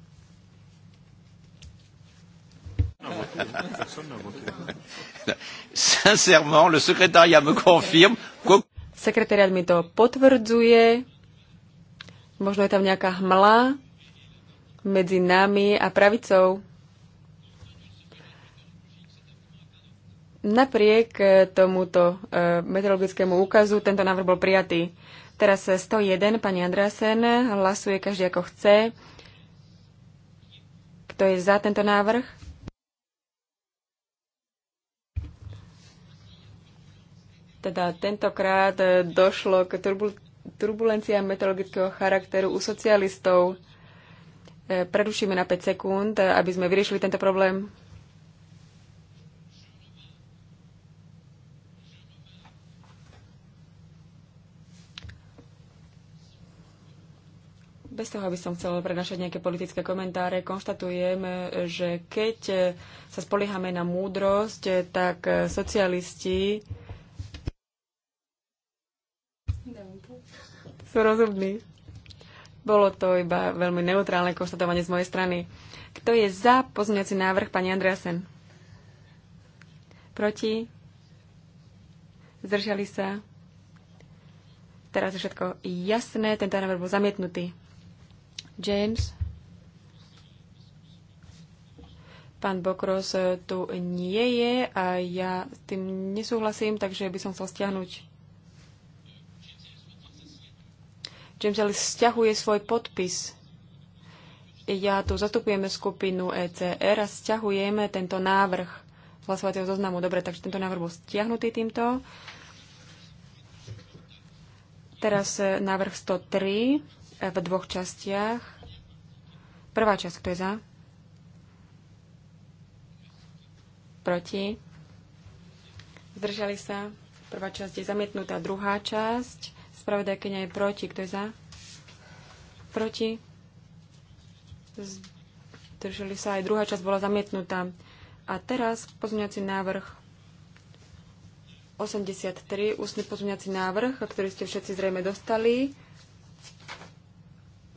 Sincèrement, le secrétariat me confirme. Sekretariat mi to potvrdzuje. Možno je tam nejaká hmla medzi nami a pravicou. Napriek eh, tomuto eh, meteorologickému úkazu tento návrh bol prijatý. Teraz 101, eh, pani Andrásen, hlasuje každý ako chce. Kto je za tento návrh? Teda tentokrát e, došlo k turbul- turbulenciám meteorologického charakteru u socialistov. E, prerušíme na 5 sekúnd, aby sme vyriešili tento problém. bez toho, aby som chcel prenašať nejaké politické komentáre, konštatujem, že keď sa spoliehame na múdrosť, tak socialisti sú rozumní. Bolo to iba veľmi neutrálne konštatovanie z mojej strany. Kto je za pozmeňovací návrh pani Andreasen? Proti? Zdržali sa? Teraz je všetko jasné. Tento návrh bol zamietnutý. James? Pán Bokros tu nie je a ja s tým nesúhlasím, takže by som chcel stiahnuť James Ellis stiahuje svoj podpis. Ja tu zastupujeme skupinu ECR a stiahujeme tento návrh hlasovacieho zoznamu. Dobre, takže tento návrh bol stiahnutý týmto. Teraz e, návrh 103 e, v dvoch častiach. Prvá časť, kto je za? Proti? Zdržali sa? Prvá časť je zamietnutá. Druhá časť. Spravodajkynia je proti. Kto je za? Proti. Zdržali sa aj druhá časť bola zamietnutá. A teraz pozmeňovací návrh 83, ústny pozmeňovací návrh, ktorý ste všetci zrejme dostali.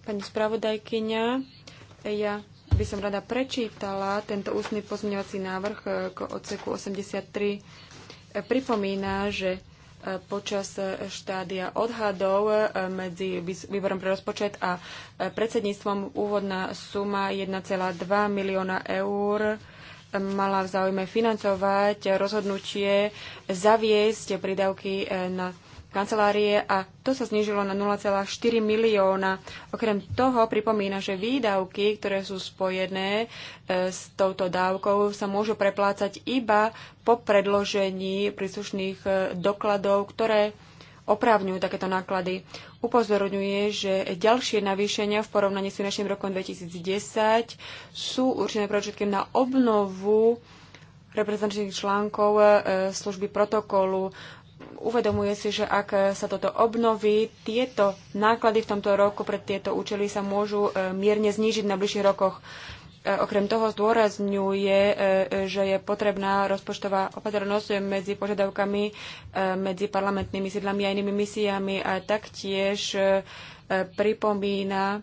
Pani spravodajkynia, ja by som rada prečítala tento ústny pozmeňovací návrh k odseku 83. Pripomína, že počas e, štádia odhadov e, medzi výborom pre rozpočet a e, predsedníctvom úvodná suma 1,2 milióna eur mala v záujme financovať rozhodnutie zaviesť pridavky na kancelárie a to sa znížilo na 0,4 milióna. Okrem toho pripomína, že výdavky, ktoré sú spojené e, s touto dávkou, sa môžu preplácať iba po predložení príslušných e, dokladov, ktoré opravňujú takéto náklady. Upozorňuje, že ďalšie navýšenia v porovnaní s finančným rokom 2010 sú určené predovšetkým na obnovu reprezentačných článkov e, služby protokolu uvedomuje si, že ak sa toto obnoví, tieto náklady v tomto roku pre tieto účely sa môžu e, mierne znížiť na bližších rokoch. E, okrem toho zdôrazňuje, e, že je potrebná rozpočtová opatrnosť medzi požiadavkami medzi parlamentnými sídlami a inými misiami a taktiež pripomína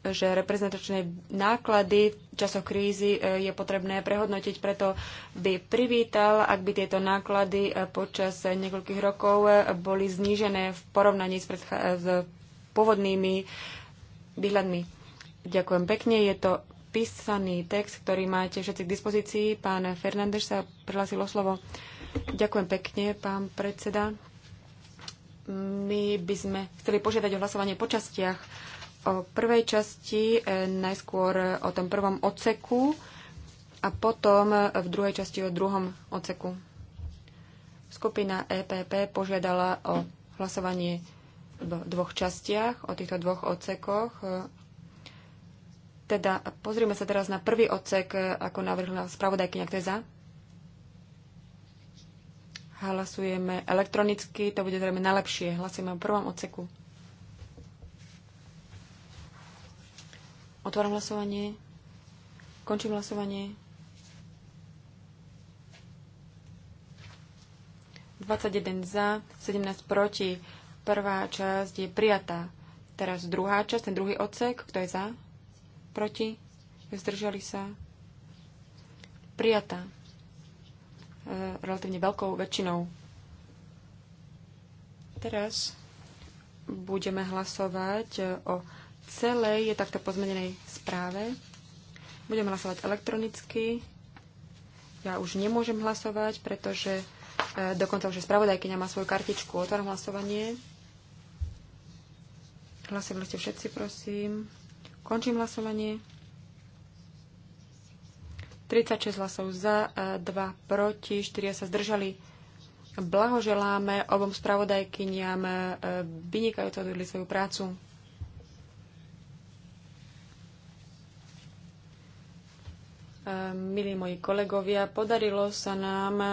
že reprezentačné náklady v časoch krízy e, je potrebné prehodnotiť, preto by privítal, ak by tieto náklady e, počas niekoľkých rokov e, boli znížené v porovnaní s, s pôvodnými výhľadmi. Ďakujem pekne. Je to písaný text, ktorý máte všetci k dispozícii. Pán Fernández sa prihlásil o slovo. Ďakujem pekne, pán predseda. My by sme chceli požiadať o hlasovanie po častiach o prvej časti, e, najskôr o tom prvom odseku a potom v druhej časti o druhom odseku. Skupina EPP požiadala o hlasovanie v dvoch častiach, o týchto dvoch odsekoch. E, teda pozrieme sa teraz na prvý odsek, e, ako navrhla spravodajkyňa, kto je za. Hlasujeme elektronicky, to bude zrejme najlepšie. Hlasujeme o prvom odseku. Otváram hlasovanie. Končím hlasovanie. 21 za, 17 proti. Prvá časť je prijatá. Teraz druhá časť, ten druhý odsek. Kto je za? Proti? Zdržali sa? Prijatá. E, relatívne veľkou väčšinou. Teraz budeme hlasovať e, o celej je takto pozmenenej správe. Budem hlasovať elektronicky. Ja už nemôžem hlasovať, pretože e, dokonca už spravodajkyňa má svoju kartičku. Otváram hlasovanie. Hlasovali ste všetci, prosím. Končím hlasovanie. 36 hlasov za, 2 e, proti, 4 sa zdržali. Blahoželáme obom spravodajkyniam, e, vynikajúco odvedli svoju prácu. E, milí moji kolegovia, podarilo sa nám e,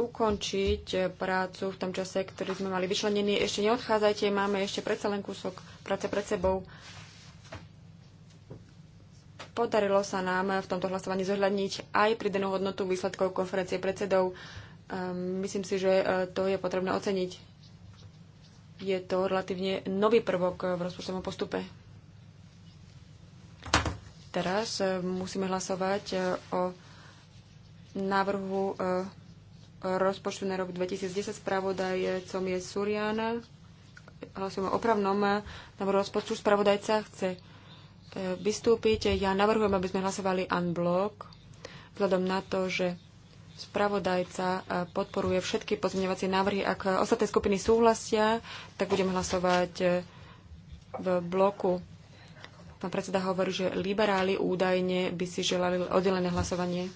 ukončiť e, prácu v tom čase, ktorý sme mali vyčlenený. Ešte neodchádzajte, máme ešte predsa len kúsok práce pred sebou. Podarilo sa nám v tomto hlasovaní zohľadniť aj pridanú hodnotu výsledkov konferencie predsedov. Myslím si, že to je potrebné oceniť. Je to relatívne nový prvok v rozpočtovom postupe teraz e, musíme hlasovať e, o návrhu e, rozpočtu na rok 2010. Spravodajcom je Suriana. Hlasujeme o opravnom návrhu rozpočtu. Spravodajca chce vystúpiť. Ja navrhujem, aby sme hlasovali unblock, vzhľadom na to, že spravodajca podporuje všetky pozmeňovacie návrhy. Ak ostatné skupiny súhlasia, tak budem hlasovať v bloku Pán predseda hovorí, že liberáli údajne by si želali oddelené hlasovanie. E,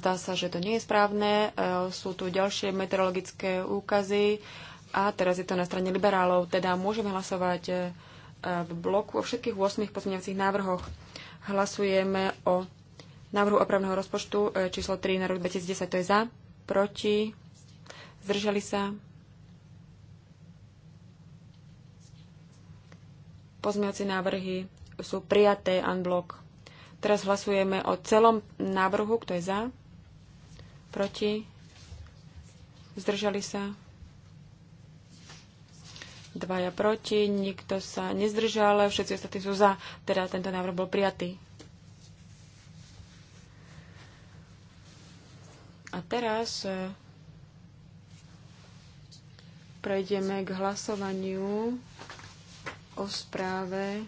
zdá sa, že to nie je správne. E, sú tu ďalšie meteorologické úkazy a teraz je to na strane liberálov. Teda môžeme hlasovať e, v bloku o všetkých 8 pozmeňovacích návrhoch. Hlasujeme o návrhu opravného rozpočtu číslo 3 na rok 2010. To je za proti, zdržali sa. Pozmiaci návrhy sú prijaté unblock. Teraz hlasujeme o celom návrhu, kto je za, proti, zdržali sa, dvaja proti, nikto sa nezdržal, všetci ostatní sú za, teda tento návrh bol prijatý. A teraz e, prejdeme k hlasovaniu o správe.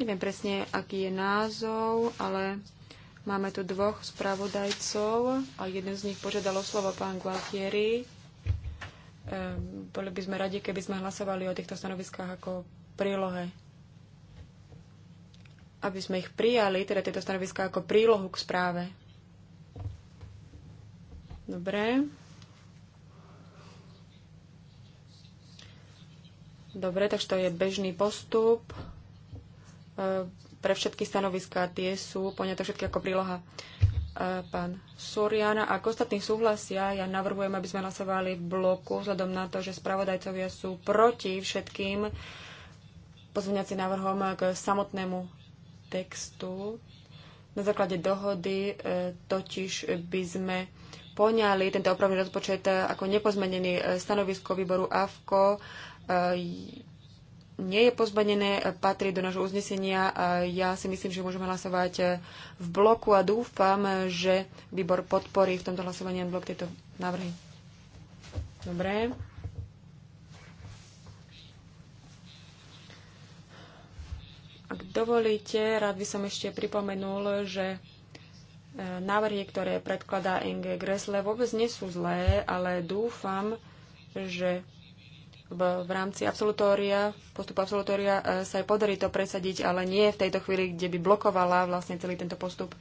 Neviem presne, aký je názov, ale máme tu dvoch spravodajcov a jeden z nich požiadalo slovo pán Gualtieri. Ehm, boli by sme radi, keby sme hlasovali o týchto stanoviskách ako prílohe aby sme ich prijali, teda tieto stanoviska ako prílohu k správe. Dobre. Dobre, takže to je bežný postup. E, pre všetky stanoviská tie sú poňaté všetky ako príloha. E, pán Suriana, ak ostatní súhlasia, ja navrhujem, aby sme hlasovali v bloku, vzhľadom na to, že spravodajcovia sú proti všetkým pozvňacím návrhom k samotnému textu. Na základe dohody e, totiž by sme poňali tento opravný rozpočet e, ako nepozmenený e, stanovisko výboru AFKO. Nie je pozmenené, patrí do nášho uznesenia. a Ja si myslím, že môžeme hlasovať v bloku a dúfam, že výbor podporí v tomto hlasovaní blok tieto návrhy. Dobre. Ak dovolíte, rád by som ešte pripomenul, že e, návrhy, ktoré predkladá NG Gressle, vôbec nie sú zlé, ale dúfam, že v, v rámci absolutória, postupu absolutória e, sa aj podarí to presadiť, ale nie v tejto chvíli, kde by blokovala vlastne celý tento postup.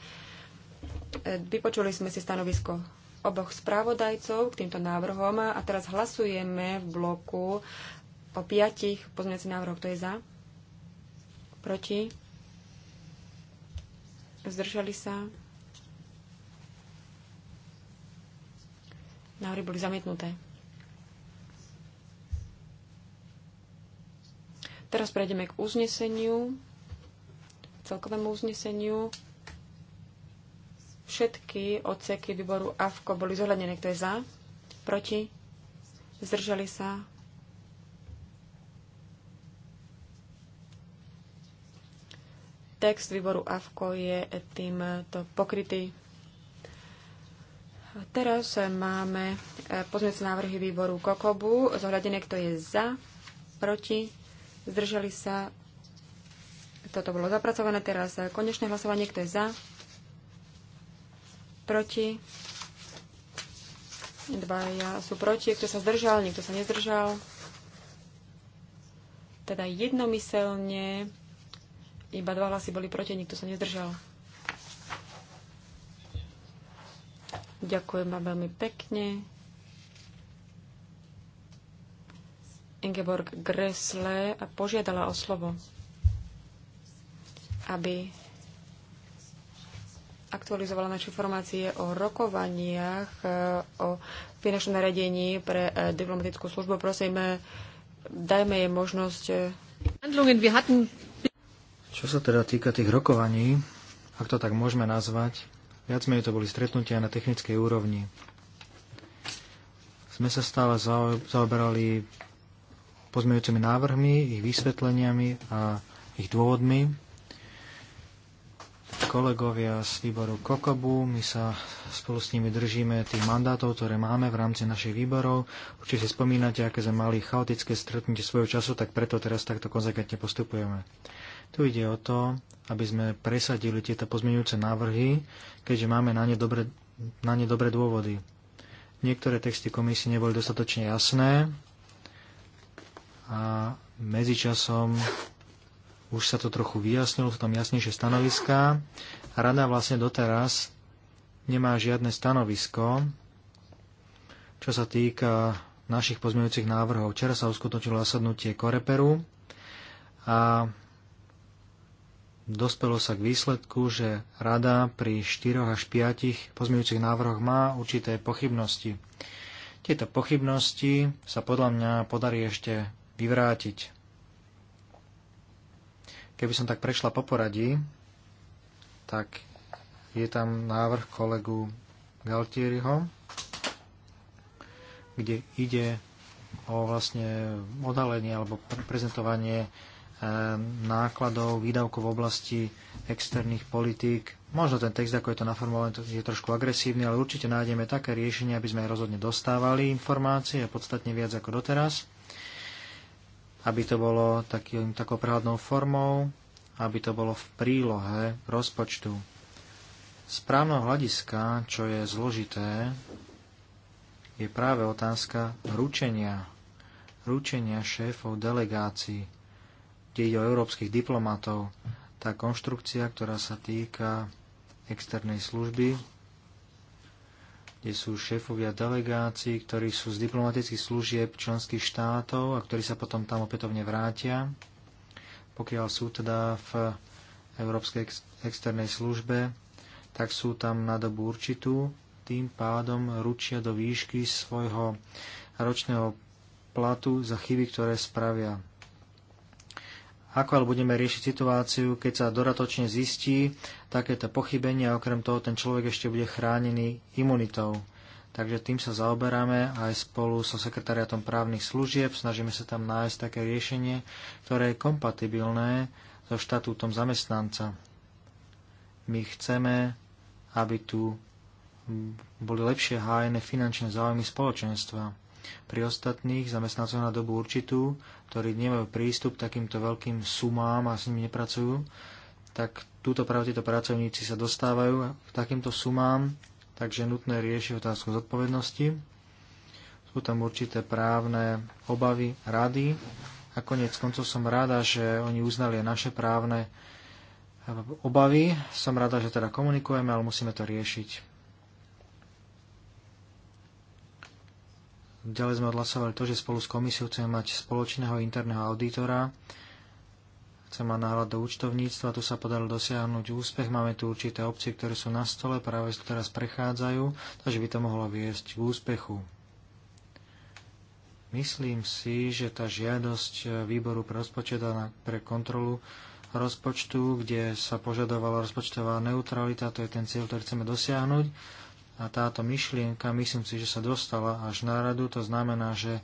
E, vypočuli sme si stanovisko oboch správodajcov k týmto návrhom a teraz hlasujeme v bloku o piatich pozmeňovacích návrhoch. Kto je za? proti, zdržali sa. Návrhy boli zamietnuté. Teraz prejdeme k uzneseniu, celkovému uzneseniu. Všetky odseky výboru AFKO boli zohľadnené. Kto je za? Proti? Zdržali sa? Text výboru AFKO je týmto eh, pokrytý. Teraz eh, máme eh, pozmeňujúce návrhy výboru Kokobu. Zohľadené, kto je za, proti, zdržali sa. Toto bolo zapracované. Teraz konečné hlasovanie, kto je za, proti. Dva ja sú proti. Kto sa zdržal, niekto sa nezdržal. Teda jednomyselne iba dva hlasy boli proti, nikto sa nezdržal. Ďakujem vám veľmi pekne. Ingeborg Gressle požiadala o slovo, aby aktualizovala naše informácie o rokovaniach, e, o finančnom naredení pre e, diplomatickú službu. Prosím, e, dajme jej možnosť. Čo sa teda týka tých rokovaní, ak to tak môžeme nazvať, viac menej to boli stretnutia na technickej úrovni. Sme sa stále zaoberali pozmeňujúcimi návrhmi, ich vysvetleniami a ich dôvodmi. Kolegovia z výboru Kokobu, my sa spolu s nimi držíme tých mandátov, ktoré máme v rámci našich výborov. Určite si spomínate, aké sme mali chaotické stretnutie svojho času, tak preto teraz takto konzekventne postupujeme. Tu ide o to, aby sme presadili tieto pozmeňujúce návrhy, keďže máme na ne dobre, na ne dobre dôvody. Niektoré texty komisie neboli dostatočne jasné a medzičasom už sa to trochu vyjasnilo, sú tam jasnejšie stanoviská. Rada vlastne doteraz nemá žiadne stanovisko, čo sa týka našich pozmeňujúcich návrhov. Včera sa uskutočilo zasadnutie Koreperu a dospelo sa k výsledku, že rada pri 4 až 5 pozmeňujúcich návrhoch má určité pochybnosti. Tieto pochybnosti sa podľa mňa podarí ešte vyvrátiť. Keby som tak prešla po poradí, tak je tam návrh kolegu Galtieriho, kde ide o vlastne odhalenie alebo prezentovanie Eh, nákladov, výdavkov v oblasti externých politík. Možno ten text, ako je to naformulované, je trošku agresívny, ale určite nájdeme také riešenie, aby sme aj rozhodne dostávali informácie a podstatne viac ako doteraz. Aby to bolo takým, takou prehľadnou formou, aby to bolo v prílohe rozpočtu. právneho hľadiska, čo je zložité, je práve otázka ručenia, ručenia šéfov delegácií kde ide o európskych diplomatov, tá konštrukcia, ktorá sa týka externej služby, kde sú šéfovia delegácií, ktorí sú z diplomatických služieb členských štátov a ktorí sa potom tam opätovne vrátia, pokiaľ sú teda v Európskej ex- externej službe, tak sú tam na dobu určitú, tým pádom ručia do výšky svojho ročného platu za chyby, ktoré spravia. Ako ale budeme riešiť situáciu, keď sa doratočne zistí takéto pochybenie a okrem toho ten človek ešte bude chránený imunitou. Takže tým sa zaoberáme aj spolu so sekretariatom právnych služieb. Snažíme sa tam nájsť také riešenie, ktoré je kompatibilné so štatútom zamestnanca. My chceme, aby tu boli lepšie hájené finančné záujmy spoločenstva pri ostatných zamestnancov na dobu určitú, ktorí nemajú prístup k takýmto veľkým sumám a s nimi nepracujú, tak túto práve títo pracovníci sa dostávajú k takýmto sumám, takže nutné riešiť otázku zodpovednosti. Sú tam určité právne obavy rady a konec koncov som rada, že oni uznali aj naše právne obavy. Som rada, že teda komunikujeme, ale musíme to riešiť. Ďalej sme odhlasovali to, že spolu s komisiou chceme mať spoločného interného auditora, chceme mať náhľad do účtovníctva, tu sa podarilo dosiahnuť úspech, máme tu určité opcie, ktoré sú na stole, práve sa teraz prechádzajú, takže by to mohlo viesť k úspechu. Myslím si, že tá žiadosť výboru pre rozpočet a pre kontrolu rozpočtu, kde sa požadovala rozpočtová neutralita, to je ten cieľ, ktorý chceme dosiahnuť, a táto myšlienka, myslím si, že sa dostala až na radu, to znamená, že e,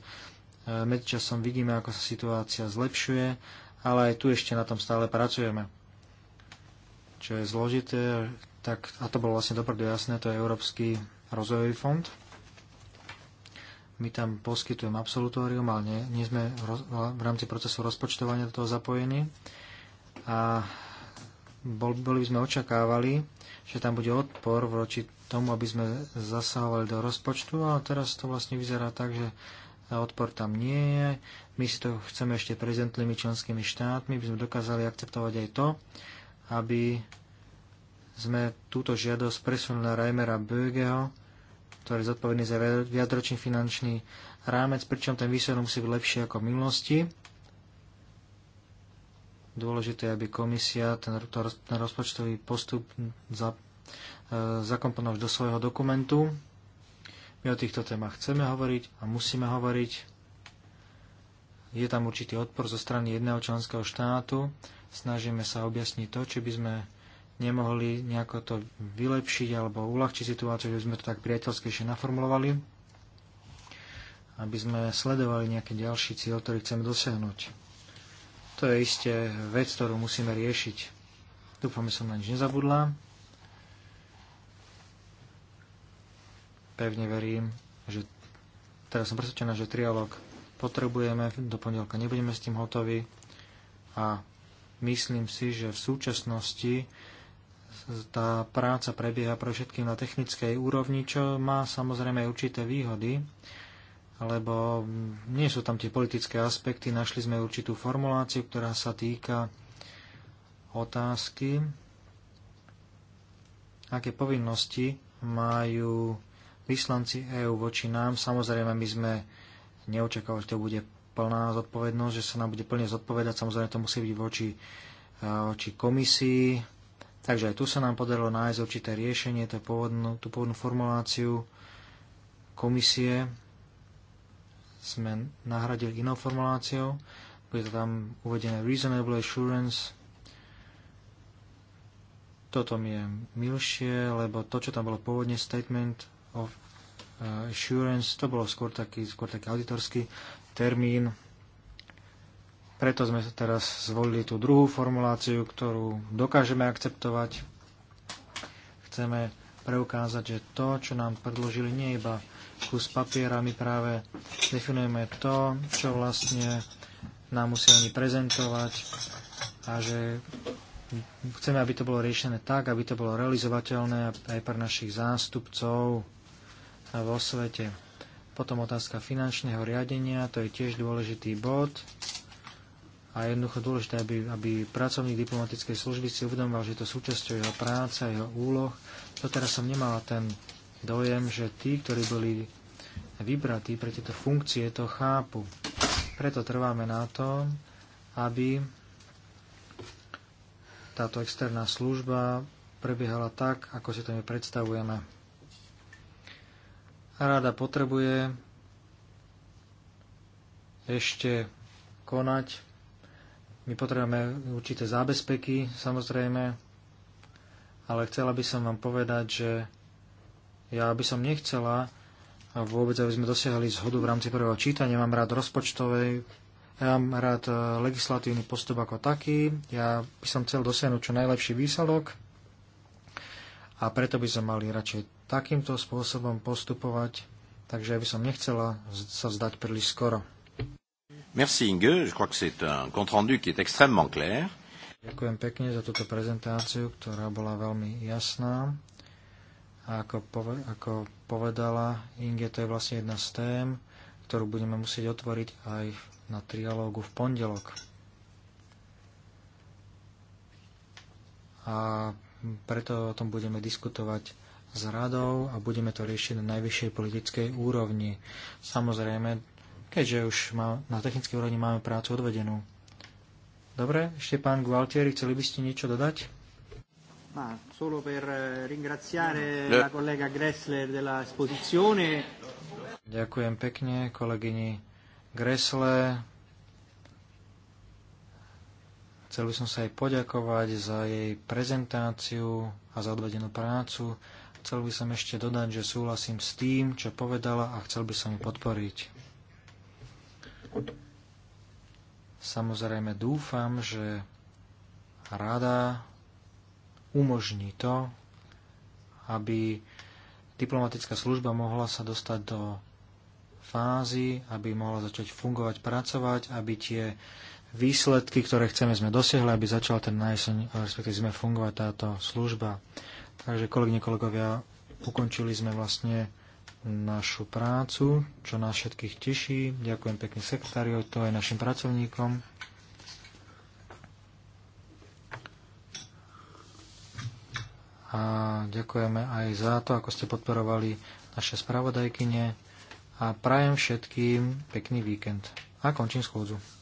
medzičasom vidíme, ako sa situácia zlepšuje, ale aj tu ešte na tom stále pracujeme. Čo je zložité, tak, a to bolo vlastne dopredu jasné, to je Európsky rozvojový fond. My tam poskytujeme absolutórium, ale nie, nie sme roz, v rámci procesu rozpočtovania do toho zapojení. A bol, boli by sme očakávali, že tam bude odpor voči tomu, aby sme zasahovali do rozpočtu, ale teraz to vlastne vyzerá tak, že odpor tam nie je. My si to chceme ešte prezentnými členskými štátmi, by sme dokázali akceptovať aj to, aby sme túto žiadosť presunuli na Reimera Bögeho, ktorý je zodpovedný za viacročný finančný rámec, pričom ten výsledok musí byť lepší ako v minulosti. Dôležité aby komisia ten, ten rozpočtový postup za, e, zakomponovala do svojho dokumentu. My o týchto témach chceme hovoriť a musíme hovoriť. Je tam určitý odpor zo strany jedného členského štátu. Snažíme sa objasniť to, či by sme nemohli nejako to vylepšiť alebo uľahčiť situáciu, že by sme to tak priateľskejšie naformulovali, aby sme sledovali nejaký ďalší cieľ, ktorý chceme dosiahnuť. To je isté vec, ktorú musíme riešiť. Dúfam, že som na nič nezabudla. Pevne verím, že teraz som presvedčená, že trialog potrebujeme, do pondelka nebudeme s tým hotovi a myslím si, že v súčasnosti tá práca prebieha pre všetkým na technickej úrovni, čo má samozrejme určité výhody, lebo nie sú tam tie politické aspekty. Našli sme určitú formuláciu, ktorá sa týka otázky, aké povinnosti majú vyslanci EÚ voči nám. Samozrejme, my sme neočakávali, že to bude plná zodpovednosť, že sa nám bude plne zodpovedať. Samozrejme, to musí byť voči, e, voči komisii. Takže aj tu sa nám podarilo nájsť určité riešenie, tú pôvodnú, tú pôvodnú formuláciu komisie, sme nahradili inou formuláciou. Bude to tam uvedené reasonable assurance. Toto mi je milšie, lebo to, čo tam bolo pôvodne statement of eh, assurance, to bolo skôr taký, skôr taký auditorský termín. Preto sme teraz zvolili tú druhú formuláciu, ktorú dokážeme akceptovať. Chceme preukázať, že to, čo nám predložili, nie je iba kus papiera, my práve definujeme to, čo vlastne nám musí oni prezentovať a že chceme, aby to bolo riešené tak, aby to bolo realizovateľné aj pre našich zástupcov vo svete. Potom otázka finančného riadenia, to je tiež dôležitý bod a jednoducho dôležité, aby, aby pracovník diplomatickej služby si uvedomoval, že je to súčasťou jeho práce, jeho úloh. To teraz som nemala ten dojem, že tí, ktorí boli vybratí pre tieto funkcie, to chápu. Preto trváme na tom, aby táto externá služba prebiehala tak, ako si to my predstavujeme. A rada potrebuje ešte konať. My potrebujeme určité zábezpeky, samozrejme, ale chcela by som vám povedať, že ja by som nechcela vôbec, aby sme dosiahli zhodu v rámci prvého čítania. Mám rád rozpočtovej, ja mám rád e, legislatívny postup ako taký. Ja by som chcel dosiahnuť čo najlepší výsledok a preto by sme mali radšej takýmto spôsobom postupovať, takže by som nechcela sa vzdať príliš skoro. Merci Inge, je crois que c'est un compte rendu qui est extrêmement clair. Ďakujem pekne za túto prezentáciu, ktorá bola veľmi jasná. A ako, ako povedala Inge, to je vlastne jedna z tém, ktorú budeme musieť otvoriť aj na trialógu v pondelok. A preto o tom budeme diskutovať s radou a budeme to riešiť na najvyššej politickej úrovni. Samozrejme, keďže už má, na technickej úrovni máme prácu odvedenú. Dobre, ešte pán Gualtieri, chceli by ste niečo dodať? Ma solo per eh, ringraziare eh. la collega Gressler della esposizione. Ďakujem pekne kolegyni Gressle. Chcel by som sa jej poďakovať za jej prezentáciu a za odvedenú prácu. Chcel by som ešte dodať, že súhlasím s tým, čo povedala a chcel by som ju podporiť. Samozrejme dúfam, že rada umožní to, aby diplomatická služba mohla sa dostať do fázy, aby mohla začať fungovať, pracovať, aby tie výsledky, ktoré chceme, sme dosiahli, aby začala ten nájseň, respektíve sme fungovať táto služba. Takže kolegyne, kolegovia, ukončili sme vlastne našu prácu, čo nás všetkých teší. Ďakujem pekne sekretáriu, to aj našim pracovníkom. a ďakujeme aj za to, ako ste podporovali naše spravodajkyne a prajem všetkým pekný víkend. A končím schôdzu.